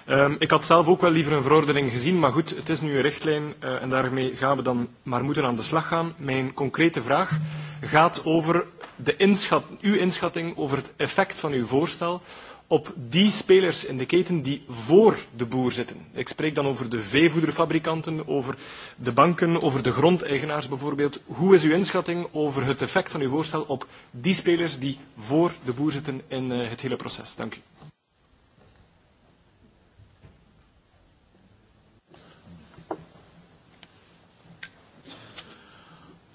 Speaker 1: Um, ik had zelf ook wel liever een verordening gezien, maar goed, het is nu een richtlijn uh, en daarmee gaan we dan maar moeten aan de slag gaan. Mijn concrete vraag gaat over de inschat, uw inschatting over het effect van uw voorstel op die spelers in de keten die voor de boer zitten. Ik spreek dan over de veevoederfabrikanten, over de banken, over de grondeigenaars bijvoorbeeld. Hoe is uw inschatting over het effect van uw voorstel op die spelers die voor de boer zitten in eh, het hele proces? Dank u.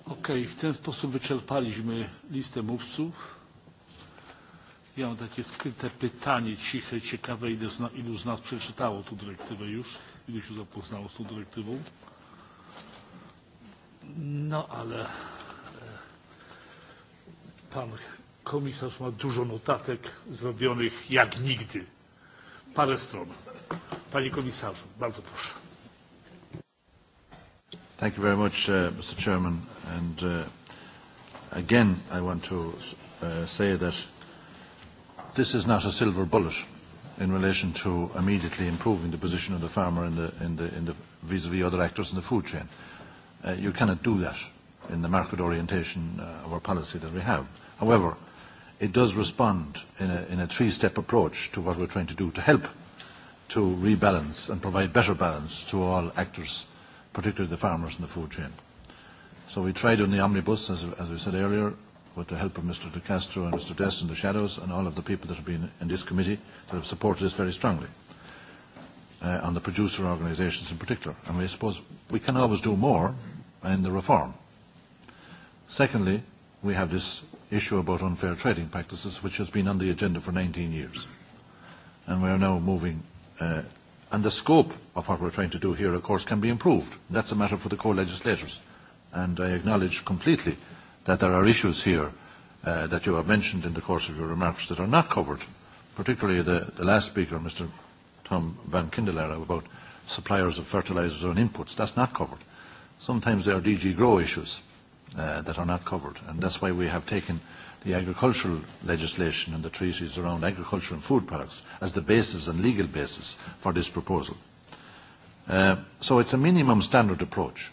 Speaker 1: Oké, okay, w ten sposób wyczerpaliśmy listę mówców. Ja mam takie skryte pytanie ciche, ciekawe ile, zna, ilu z nas przeczytało tą dyrektywę już, ilu się zapoznało z tą dyrektywą. No ale e, pan komisarz ma dużo notatek zrobionych jak nigdy. Parę stron. Panie komisarzu, bardzo proszę.
Speaker 2: Thank you very much, uh, Mr. Chairman. And uh, again, I want to uh, say that this is not a silver bullet in relation to immediately improving the position of the farmer in the, in the, in the vis-à-vis -vis other actors in the food chain. Uh, you cannot do that in the market orientation uh, of our policy that we have. However, it does respond in a, in a three-step approach to what we're trying to do to help to rebalance and provide better balance to all actors, particularly the farmers in the food chain. So we tried on the omnibus, as, as we said earlier, with the help of Mr. De Castro and Mr. Dess and the Shadows and all of the people that have been in this committee that have supported this very strongly uh, on the producer organisations in particular. And we suppose we can always do more in the reform. Secondly, we have this issue about unfair trading practices, which has been on the agenda for 19 years. And we are now moving, uh, and the scope of what we're trying to do here, of course, can be improved. That's a matter for the co-legislators. And I acknowledge completely that there are issues here uh, that you have mentioned in the course of your remarks that are not covered, particularly the, the last speaker, Mr. Tom Van Kindelera, about suppliers of fertilisers and inputs. That's not covered. Sometimes there are DG Grow issues uh, that are not covered, and that's why we have taken the agricultural legislation and the treaties around agriculture and food products as the basis and legal basis for this proposal. Uh, so it's a minimum standard approach.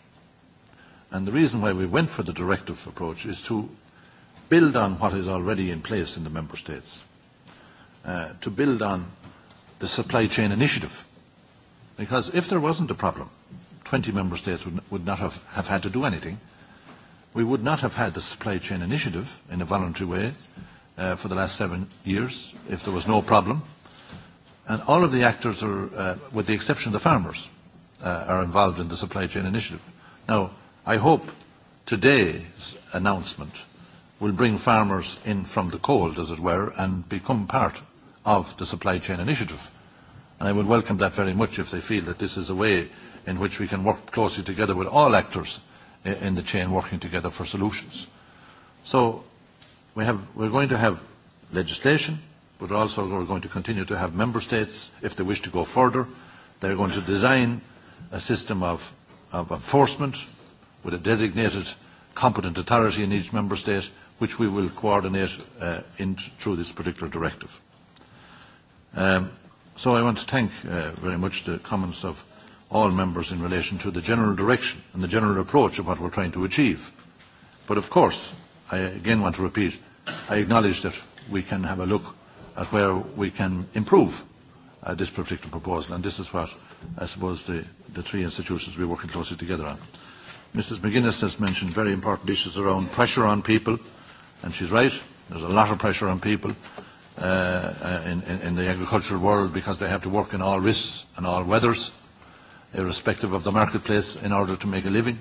Speaker 2: And the reason why we went for the directive approach is to build on what is already in place in the member states, uh, to build on the supply chain initiative. Because if there wasn't a problem, 20 member states would, would not have, have had to do anything. We would not have had the supply chain initiative in a voluntary way uh, for the last seven years if there was no problem. And all of the actors are, uh, with the exception of the farmers, uh, are involved in the supply chain initiative. Now, i hope today's announcement will bring farmers in from the cold, as it were, and become part of the supply chain initiative. And I would welcome that very much if they feel that this is a way in which we can work closely together with all actors in the chain working together for solutions. So we have, we're going to have legislation, but also we're going to continue to have member states, if they wish to go further, they're going to design a system of, of enforcement with a designated competent authority in each member state, which we will coordinate uh, in, through this particular directive. Um, so I want to thank uh, very much the comments of all members in relation to the general direction and the general approach of what we're trying to achieve. But of course, I again want to repeat, I acknowledge that we can have a look at where we can improve uh, this particular proposal, and this is what I suppose the, the three institutions will be working closely together on. Mrs McGuinness has mentioned very important issues around pressure on people, and she's right. There's a lot of pressure on people uh, uh, in, in, in the agricultural world because they have to work in all risks and all weathers, irrespective of the marketplace, in order to make a living.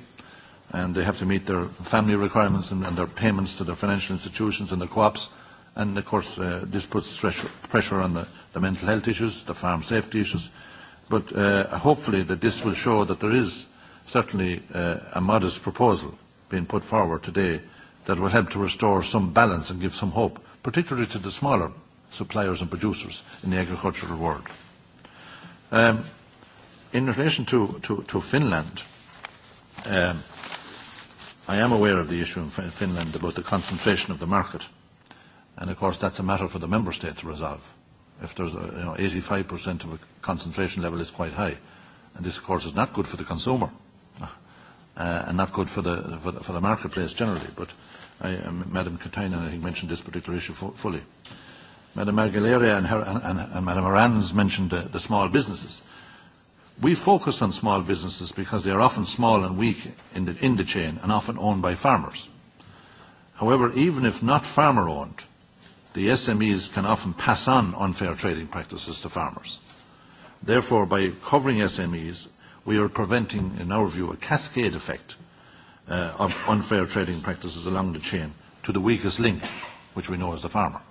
Speaker 2: And they have to meet their family requirements and, and their payments to their financial institutions and their co-ops. And of course, uh, this puts pressure, pressure on the, the mental health issues, the farm safety issues. But uh, hopefully that this will show that there is certainly uh, a modest proposal being put forward today that will help to restore some balance and give some hope, particularly to the smaller suppliers and producers in the agricultural world. Um, in relation to, to, to Finland, um, I am aware of the issue in Finland about the concentration of the market. And of course, that's a matter for the member state to resolve. If there's a, you know, 85% of a concentration level is quite high. And this, of course, is not good for the consumer. Uh, uh, and not good for the, for the, for the marketplace generally. But I, uh Madam Katainen, I think, mentioned this particular issue fu fully. Madam Aguilera and, her, and, and Madam Arans mentioned uh, the small businesses. We focus on small businesses because they are often small and weak in the, in the chain and often owned by farmers. However, even if not farmer owned, the SMEs can often pass on unfair trading practices to farmers. Therefore, by covering SMEs, we are preventing, in our view, a cascade effect uh, of unfair trading practices along the chain to the weakest link, which we know is the farmer.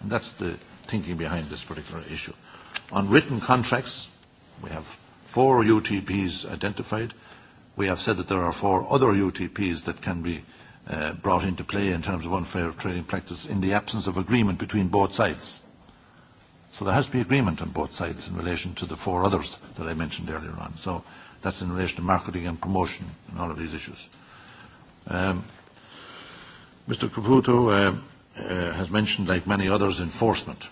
Speaker 2: And that's the thinking behind this particular issue. On written contracts, we have four UTPs identified. We have said that there are four other UTPs that can be uh, brought into play in terms of unfair trading practice in the absence of agreement between both sides. So there has to be agreement on both sides in relation to the four others that I mentioned earlier on. So That's in relation to marketing and promotion and all of these issues. Um, Mr. Caputo uh, uh, has mentioned, like many others, enforcement.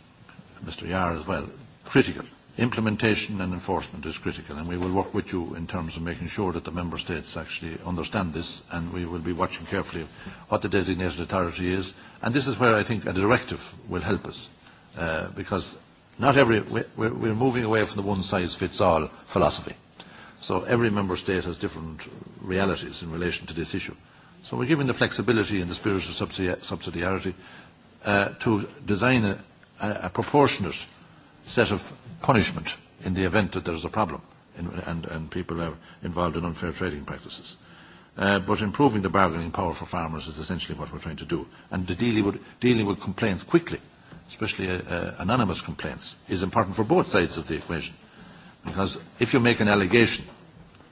Speaker 2: Mr. Yar as well. Critical. Implementation and enforcement is critical, and we will work with you in terms of making sure that the member states actually understand this, and we will be watching carefully what the designated authority is. And this is where I think a directive will help us, uh, because not every we, we're, we're moving away from the one size fits all philosophy. So every member state has different realities in relation to this issue. So we're giving the flexibility in the spirit of subsidiarity uh, to design a, a proportionate set of punishment in the event that there's a problem in, and, and people are involved in unfair trading practices. Uh, but improving the bargaining power for farmers is essentially what we're trying to do. And the dealing, with, dealing with complaints quickly, especially uh, anonymous complaints, is important for both sides of the equation. Because if you make an allegation,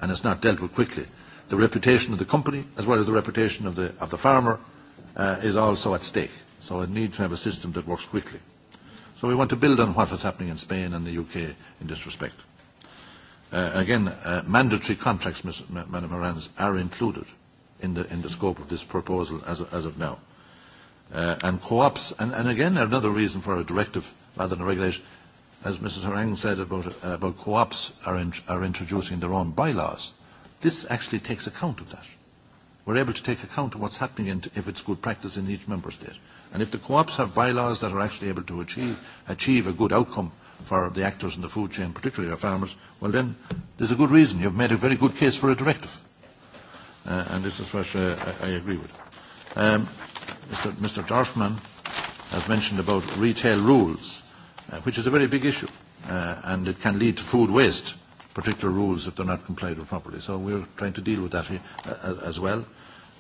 Speaker 2: and it's not dealt with quickly, the reputation of the company as well as the reputation of the, of the farmer uh, is also at stake. So it needs to have a system that works quickly. So we want to build on what is happening in Spain and the UK in this respect. Uh, again, uh, mandatory contracts, Ms. M Madam Moranz, are included in the, in the scope of this proposal as, as of now. Uh, and co-ops, and, and again, another reason for a directive rather than a regulation, as Mrs. Harang said about, about co-ops are, in, are introducing their own bylaws, this actually takes account of that. We're able to take account of what's happening and if it's good practice in each member state. And if the co-ops have bylaws that are actually able to achieve, achieve a good outcome for the actors in the food chain, particularly our farmers, well then there's a good reason. You've made a very good case for a directive. Uh, and this is what uh, I, I agree with. Um, Mr. Mr. Dorfman has mentioned about retail rules Uh, which is a very big issue, uh, and it can lead to food waste, particular rules if they're not complied with properly. So we're trying to deal with that here, uh, uh as well.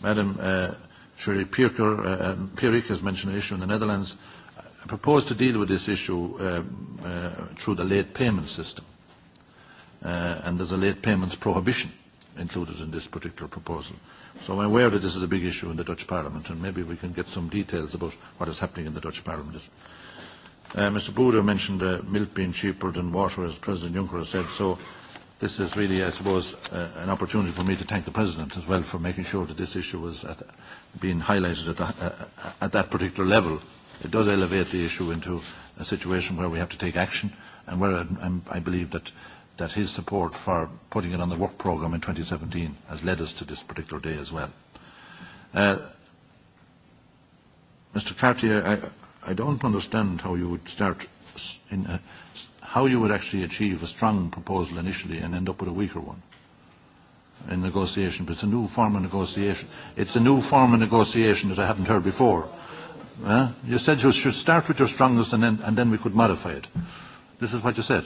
Speaker 2: Madam uh, Shirley Pierker, uh, um, Pierik has mentioned an issue in the Netherlands. I propose to deal with this issue uh uh, through the late payment system. Uh, and there's a late payments prohibition included in this particular proposal. So I'm aware that this is a big issue in the Dutch Parliament, and maybe we can get some details about what is happening in the Dutch Parliament. Uh, Mr. Buda mentioned uh, milk being cheaper than water, as President Juncker has said, so this is really, I suppose, uh, an opportunity for me to thank the President as well for making sure that this issue was at, being highlighted at, the, uh, uh at that particular level. It does elevate the issue into a situation where we have to take action, and where I'm, I believe that, that his support for putting it on the work programme in 2017 has led us to this particular day as well. Uh, Mr. Cartier, I i don't understand how you would start in a, how you would actually achieve a strong proposal initially and end up with a weaker one in negotiation. But it's a new form of negotiation. It's a new form of negotiation that I haven't heard before. Eh? You said you should start with your strongest and then, and then we could modify it. This is what you said.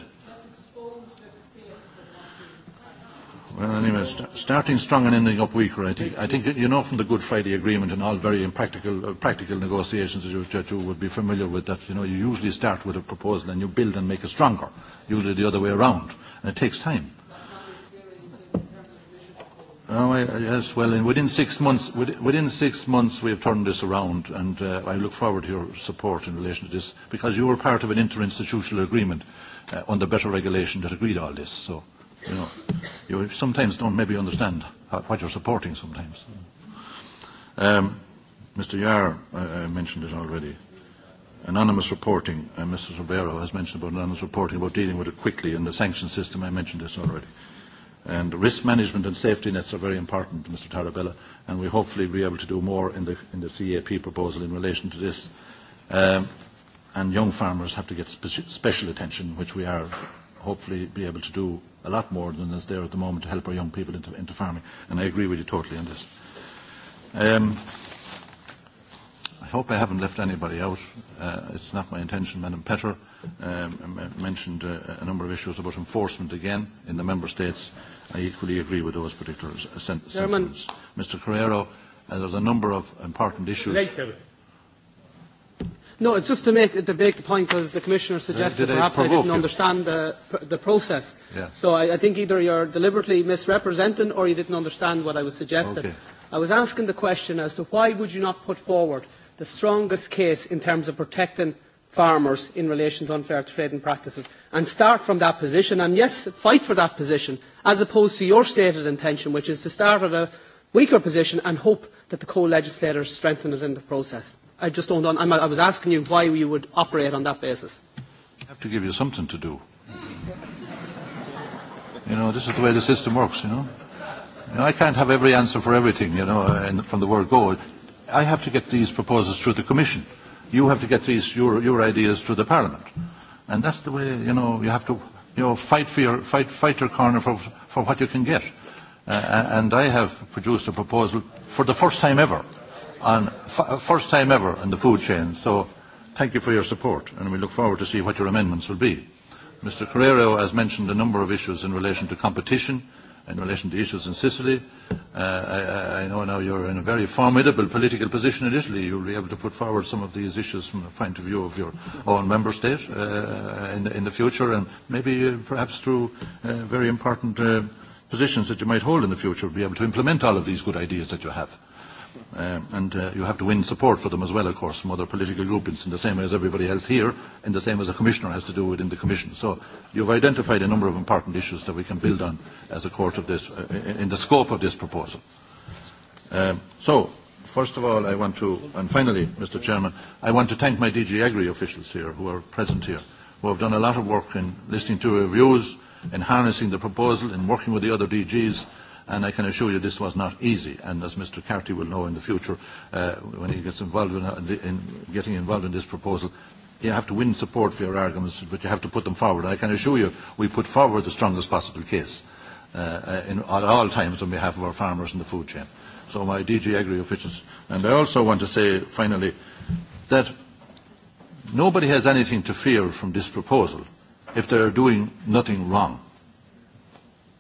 Speaker 2: Well, anyway, st- starting strong and ending up weaker, I think. I think you know from the Good Friday Agreement and all very impractical uh, practical negotiations that you, that you would be familiar with that, you know, you usually start with a proposal and you build and make it stronger, usually the other way around, and it takes time. Oh, I, yes, well, in, within six months, within six months we have turned this around, and uh, I look forward to your support in relation to this, because you were part of an interinstitutional agreement uh, on the better regulation that agreed all this, so You know, you sometimes don't maybe understand what you're supporting sometimes. Um, Mr. Yar uh, uh, mentioned it already. Anonymous reporting, uh, Mr. Ribeiro has mentioned about anonymous reporting, about dealing with it quickly in the sanction system. I mentioned this already. And risk management and safety nets are very important, Mr. Tarabella, and we hopefully be able to do more in the, in the CAP proposal in relation to this. Um, and young farmers have to get spe- special attention, which we are hopefully be able to do a lot more than is there at the moment to help our young people into, into farming. And I agree with you totally on this. Um, I hope I haven't left anybody out. Uh, it's not my intention. Madam Petter um, mentioned uh, a number of issues about enforcement again in the Member States. I equally agree with those particular sen- sentiments. Mr. Carrero, uh, there's a number of important issues. Later.
Speaker 22: No, it's just to make, to make the point because the Commissioner uh, suggested uh, perhaps I, I didn't you? understand the, the process. Yeah. So I, I think either you're deliberately misrepresenting or you didn't understand what I was suggesting. Okay. I was asking the question as to why would you not put forward the strongest case in terms of protecting farmers in relation to unfair trading practices and start from that position and yes, fight for that position as opposed to your stated intention which is to start at a weaker position and hope that the co-legislators strengthen it in the process. I just don't. I'm, I was asking you why you would operate on that basis.
Speaker 2: I have to give you something to do. you know, this is the way the system works. You know, you know I can't have every answer for everything. You know, uh, and from the word go, I have to get these proposals through the Commission. You have to get these your, your ideas through the Parliament, and that's the way. You know, you have to you know fight for your fight fight your corner for for what you can get. Uh, and I have produced a proposal for the first time ever on f- first time ever in the food chain. So thank you for your support, and we look forward to see what your amendments will be. Mr. Carrero has mentioned a number of issues in relation to competition, in relation to issues in Sicily. Uh, I, I know now you're in a very formidable political position in Italy. You'll be able to put forward some of these issues from the point of view of your own member state uh, in, the, in the future, and maybe uh, perhaps through uh, very important uh, positions that you might hold in the future, be able to implement all of these good ideas that you have. Uh, Uh, and uh, you have to win support for them as well, of course, from other political groupings in the same way as everybody else here, and the same as a commissioner has to do within the commission. So you've identified a number of important issues that we can build on as a court of this, uh, in the scope of this proposal. Um, so, first of all, I want to, and finally, Mr. Chairman, I want to thank my DG Agri officials here who are present here, who have done a lot of work in listening to reviews, in harnessing the proposal, in working with the other DGs, And I can assure you this was not easy. And as Mr. Carty will know in the future, uh, when he gets involved in, uh, in getting involved in this proposal, you have to win support for your arguments, but you have to put them forward. I can assure you, we put forward the strongest possible case uh, uh in, at all times on behalf of our farmers in the food chain. So my DG Agri officials. And I also want to say, finally, that nobody has anything to fear from this proposal if they are doing nothing wrong.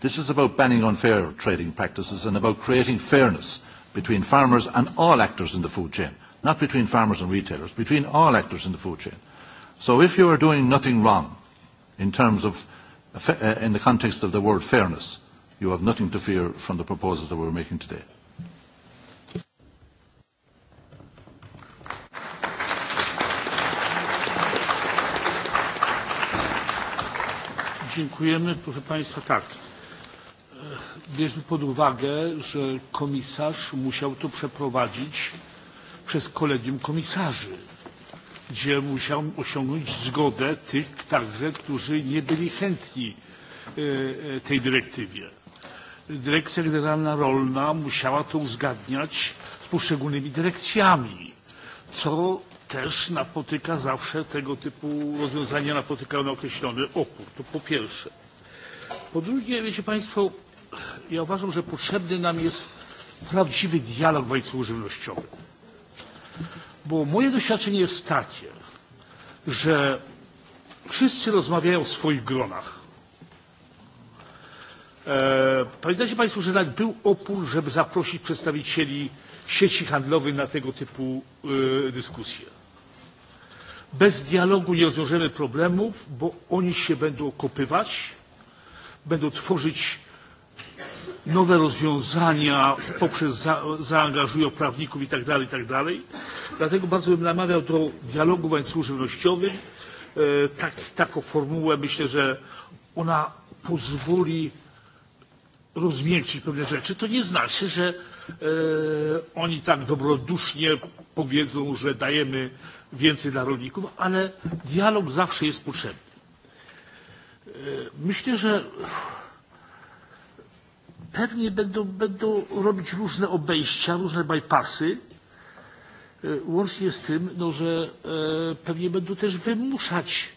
Speaker 2: This is about banning unfair trading practices and about creating fairness between farmers and all actors in the food chain, not between farmers and retailers, between all actors in the food chain. So if you are doing nothing wrong in terms of, uh, uh, in the context of the word fairness, you have nothing to fear from the proposals that we're making today.
Speaker 1: Dziękujemy. Proszę Państwa, tak bierzmy pod uwagę, że komisarz musiał to przeprowadzić przez kolegium komisarzy, gdzie musiał osiągnąć zgodę tych także, którzy nie byli chętni e, e, tej dyrektywie. Dyrekcja Generalna Rolna musiała to uzgadniać z poszczególnymi dyrekcjami, co też napotyka zawsze tego typu rozwiązania napotykają na określony opór. To po pierwsze po drugie, wiecie Państwo, ja uważam, że potrzebny nam jest prawdziwy dialog w łańcuchu żywnościowym. Bo moje doświadczenie jest takie, że wszyscy rozmawiają w swoich gronach. E, Pamiętajcie Państwo, że nawet był opór, żeby zaprosić przedstawicieli sieci handlowych na tego typu e, dyskusje. Bez dialogu nie rozwiążemy problemów, bo oni się będą okopywać, będą tworzyć nowe rozwiązania poprzez za, zaangażują prawników i tak dalej, i tak dalej. Dlatego bardzo bym namawiał do dialogu w łańcuchu żywnościowym. E, tak, taką formułę myślę, że ona pozwoli rozmiękczyć pewne rzeczy. To nie znaczy, że e, oni tak dobrodusznie powiedzą, że dajemy więcej dla rolników, ale dialog zawsze jest potrzebny. E, myślę, że pewnie będą, będą robić różne obejścia, różne bypassy, e, łącznie z tym, no, że e, pewnie będą też wymuszać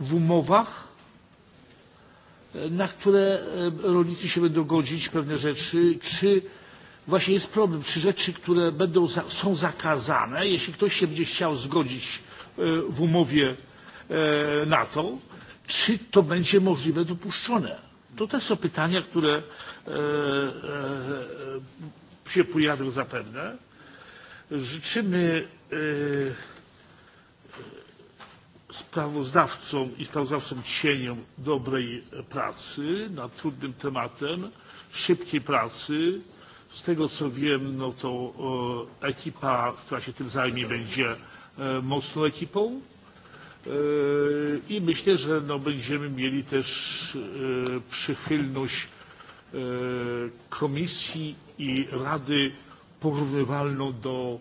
Speaker 1: w umowach, na które rolnicy się będą godzić pewne rzeczy, czy właśnie jest problem, czy rzeczy, które będą za, są zakazane, jeśli ktoś się będzie chciał zgodzić w umowie na to, czy to będzie możliwe dopuszczone. To też są pytania, które e, e, e, się pojawią zapewne. Życzymy e, sprawozdawcom i sprawozdawcom cieniom dobrej pracy nad trudnym tematem, szybkiej pracy. Z tego co wiem, no to e, ekipa, która się tym zajmie, będzie e, mocną ekipą E, I myślę, że no będziemy mieli też e, przychylność e, Komisji i Rady porównywalną do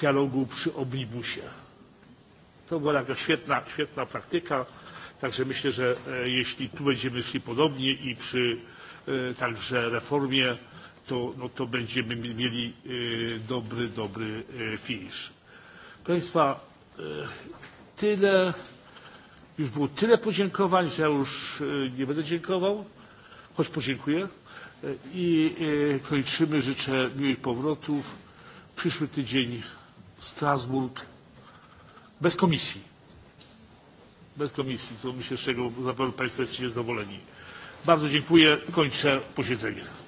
Speaker 1: dialogu przy omnibusie. To była taka świetna, świetna praktyka, także myślę, że jeśli tu będziemy szli podobnie i przy także reformie, to, no to będziemy mieli dobry, dobry finisz. Proszę Państwa, E, tyle, już było tyle podziękowań, że ja już e, nie będę dziękował, choć podziękuję. E, I kończymy. Życzę miłych powrotów. Przyszły tydzień Strasburg bez komisji. Bez komisji, co myślę, z czego zapewne Państwo jesteście zadowoleni. Bardzo dziękuję. Kończę posiedzenie.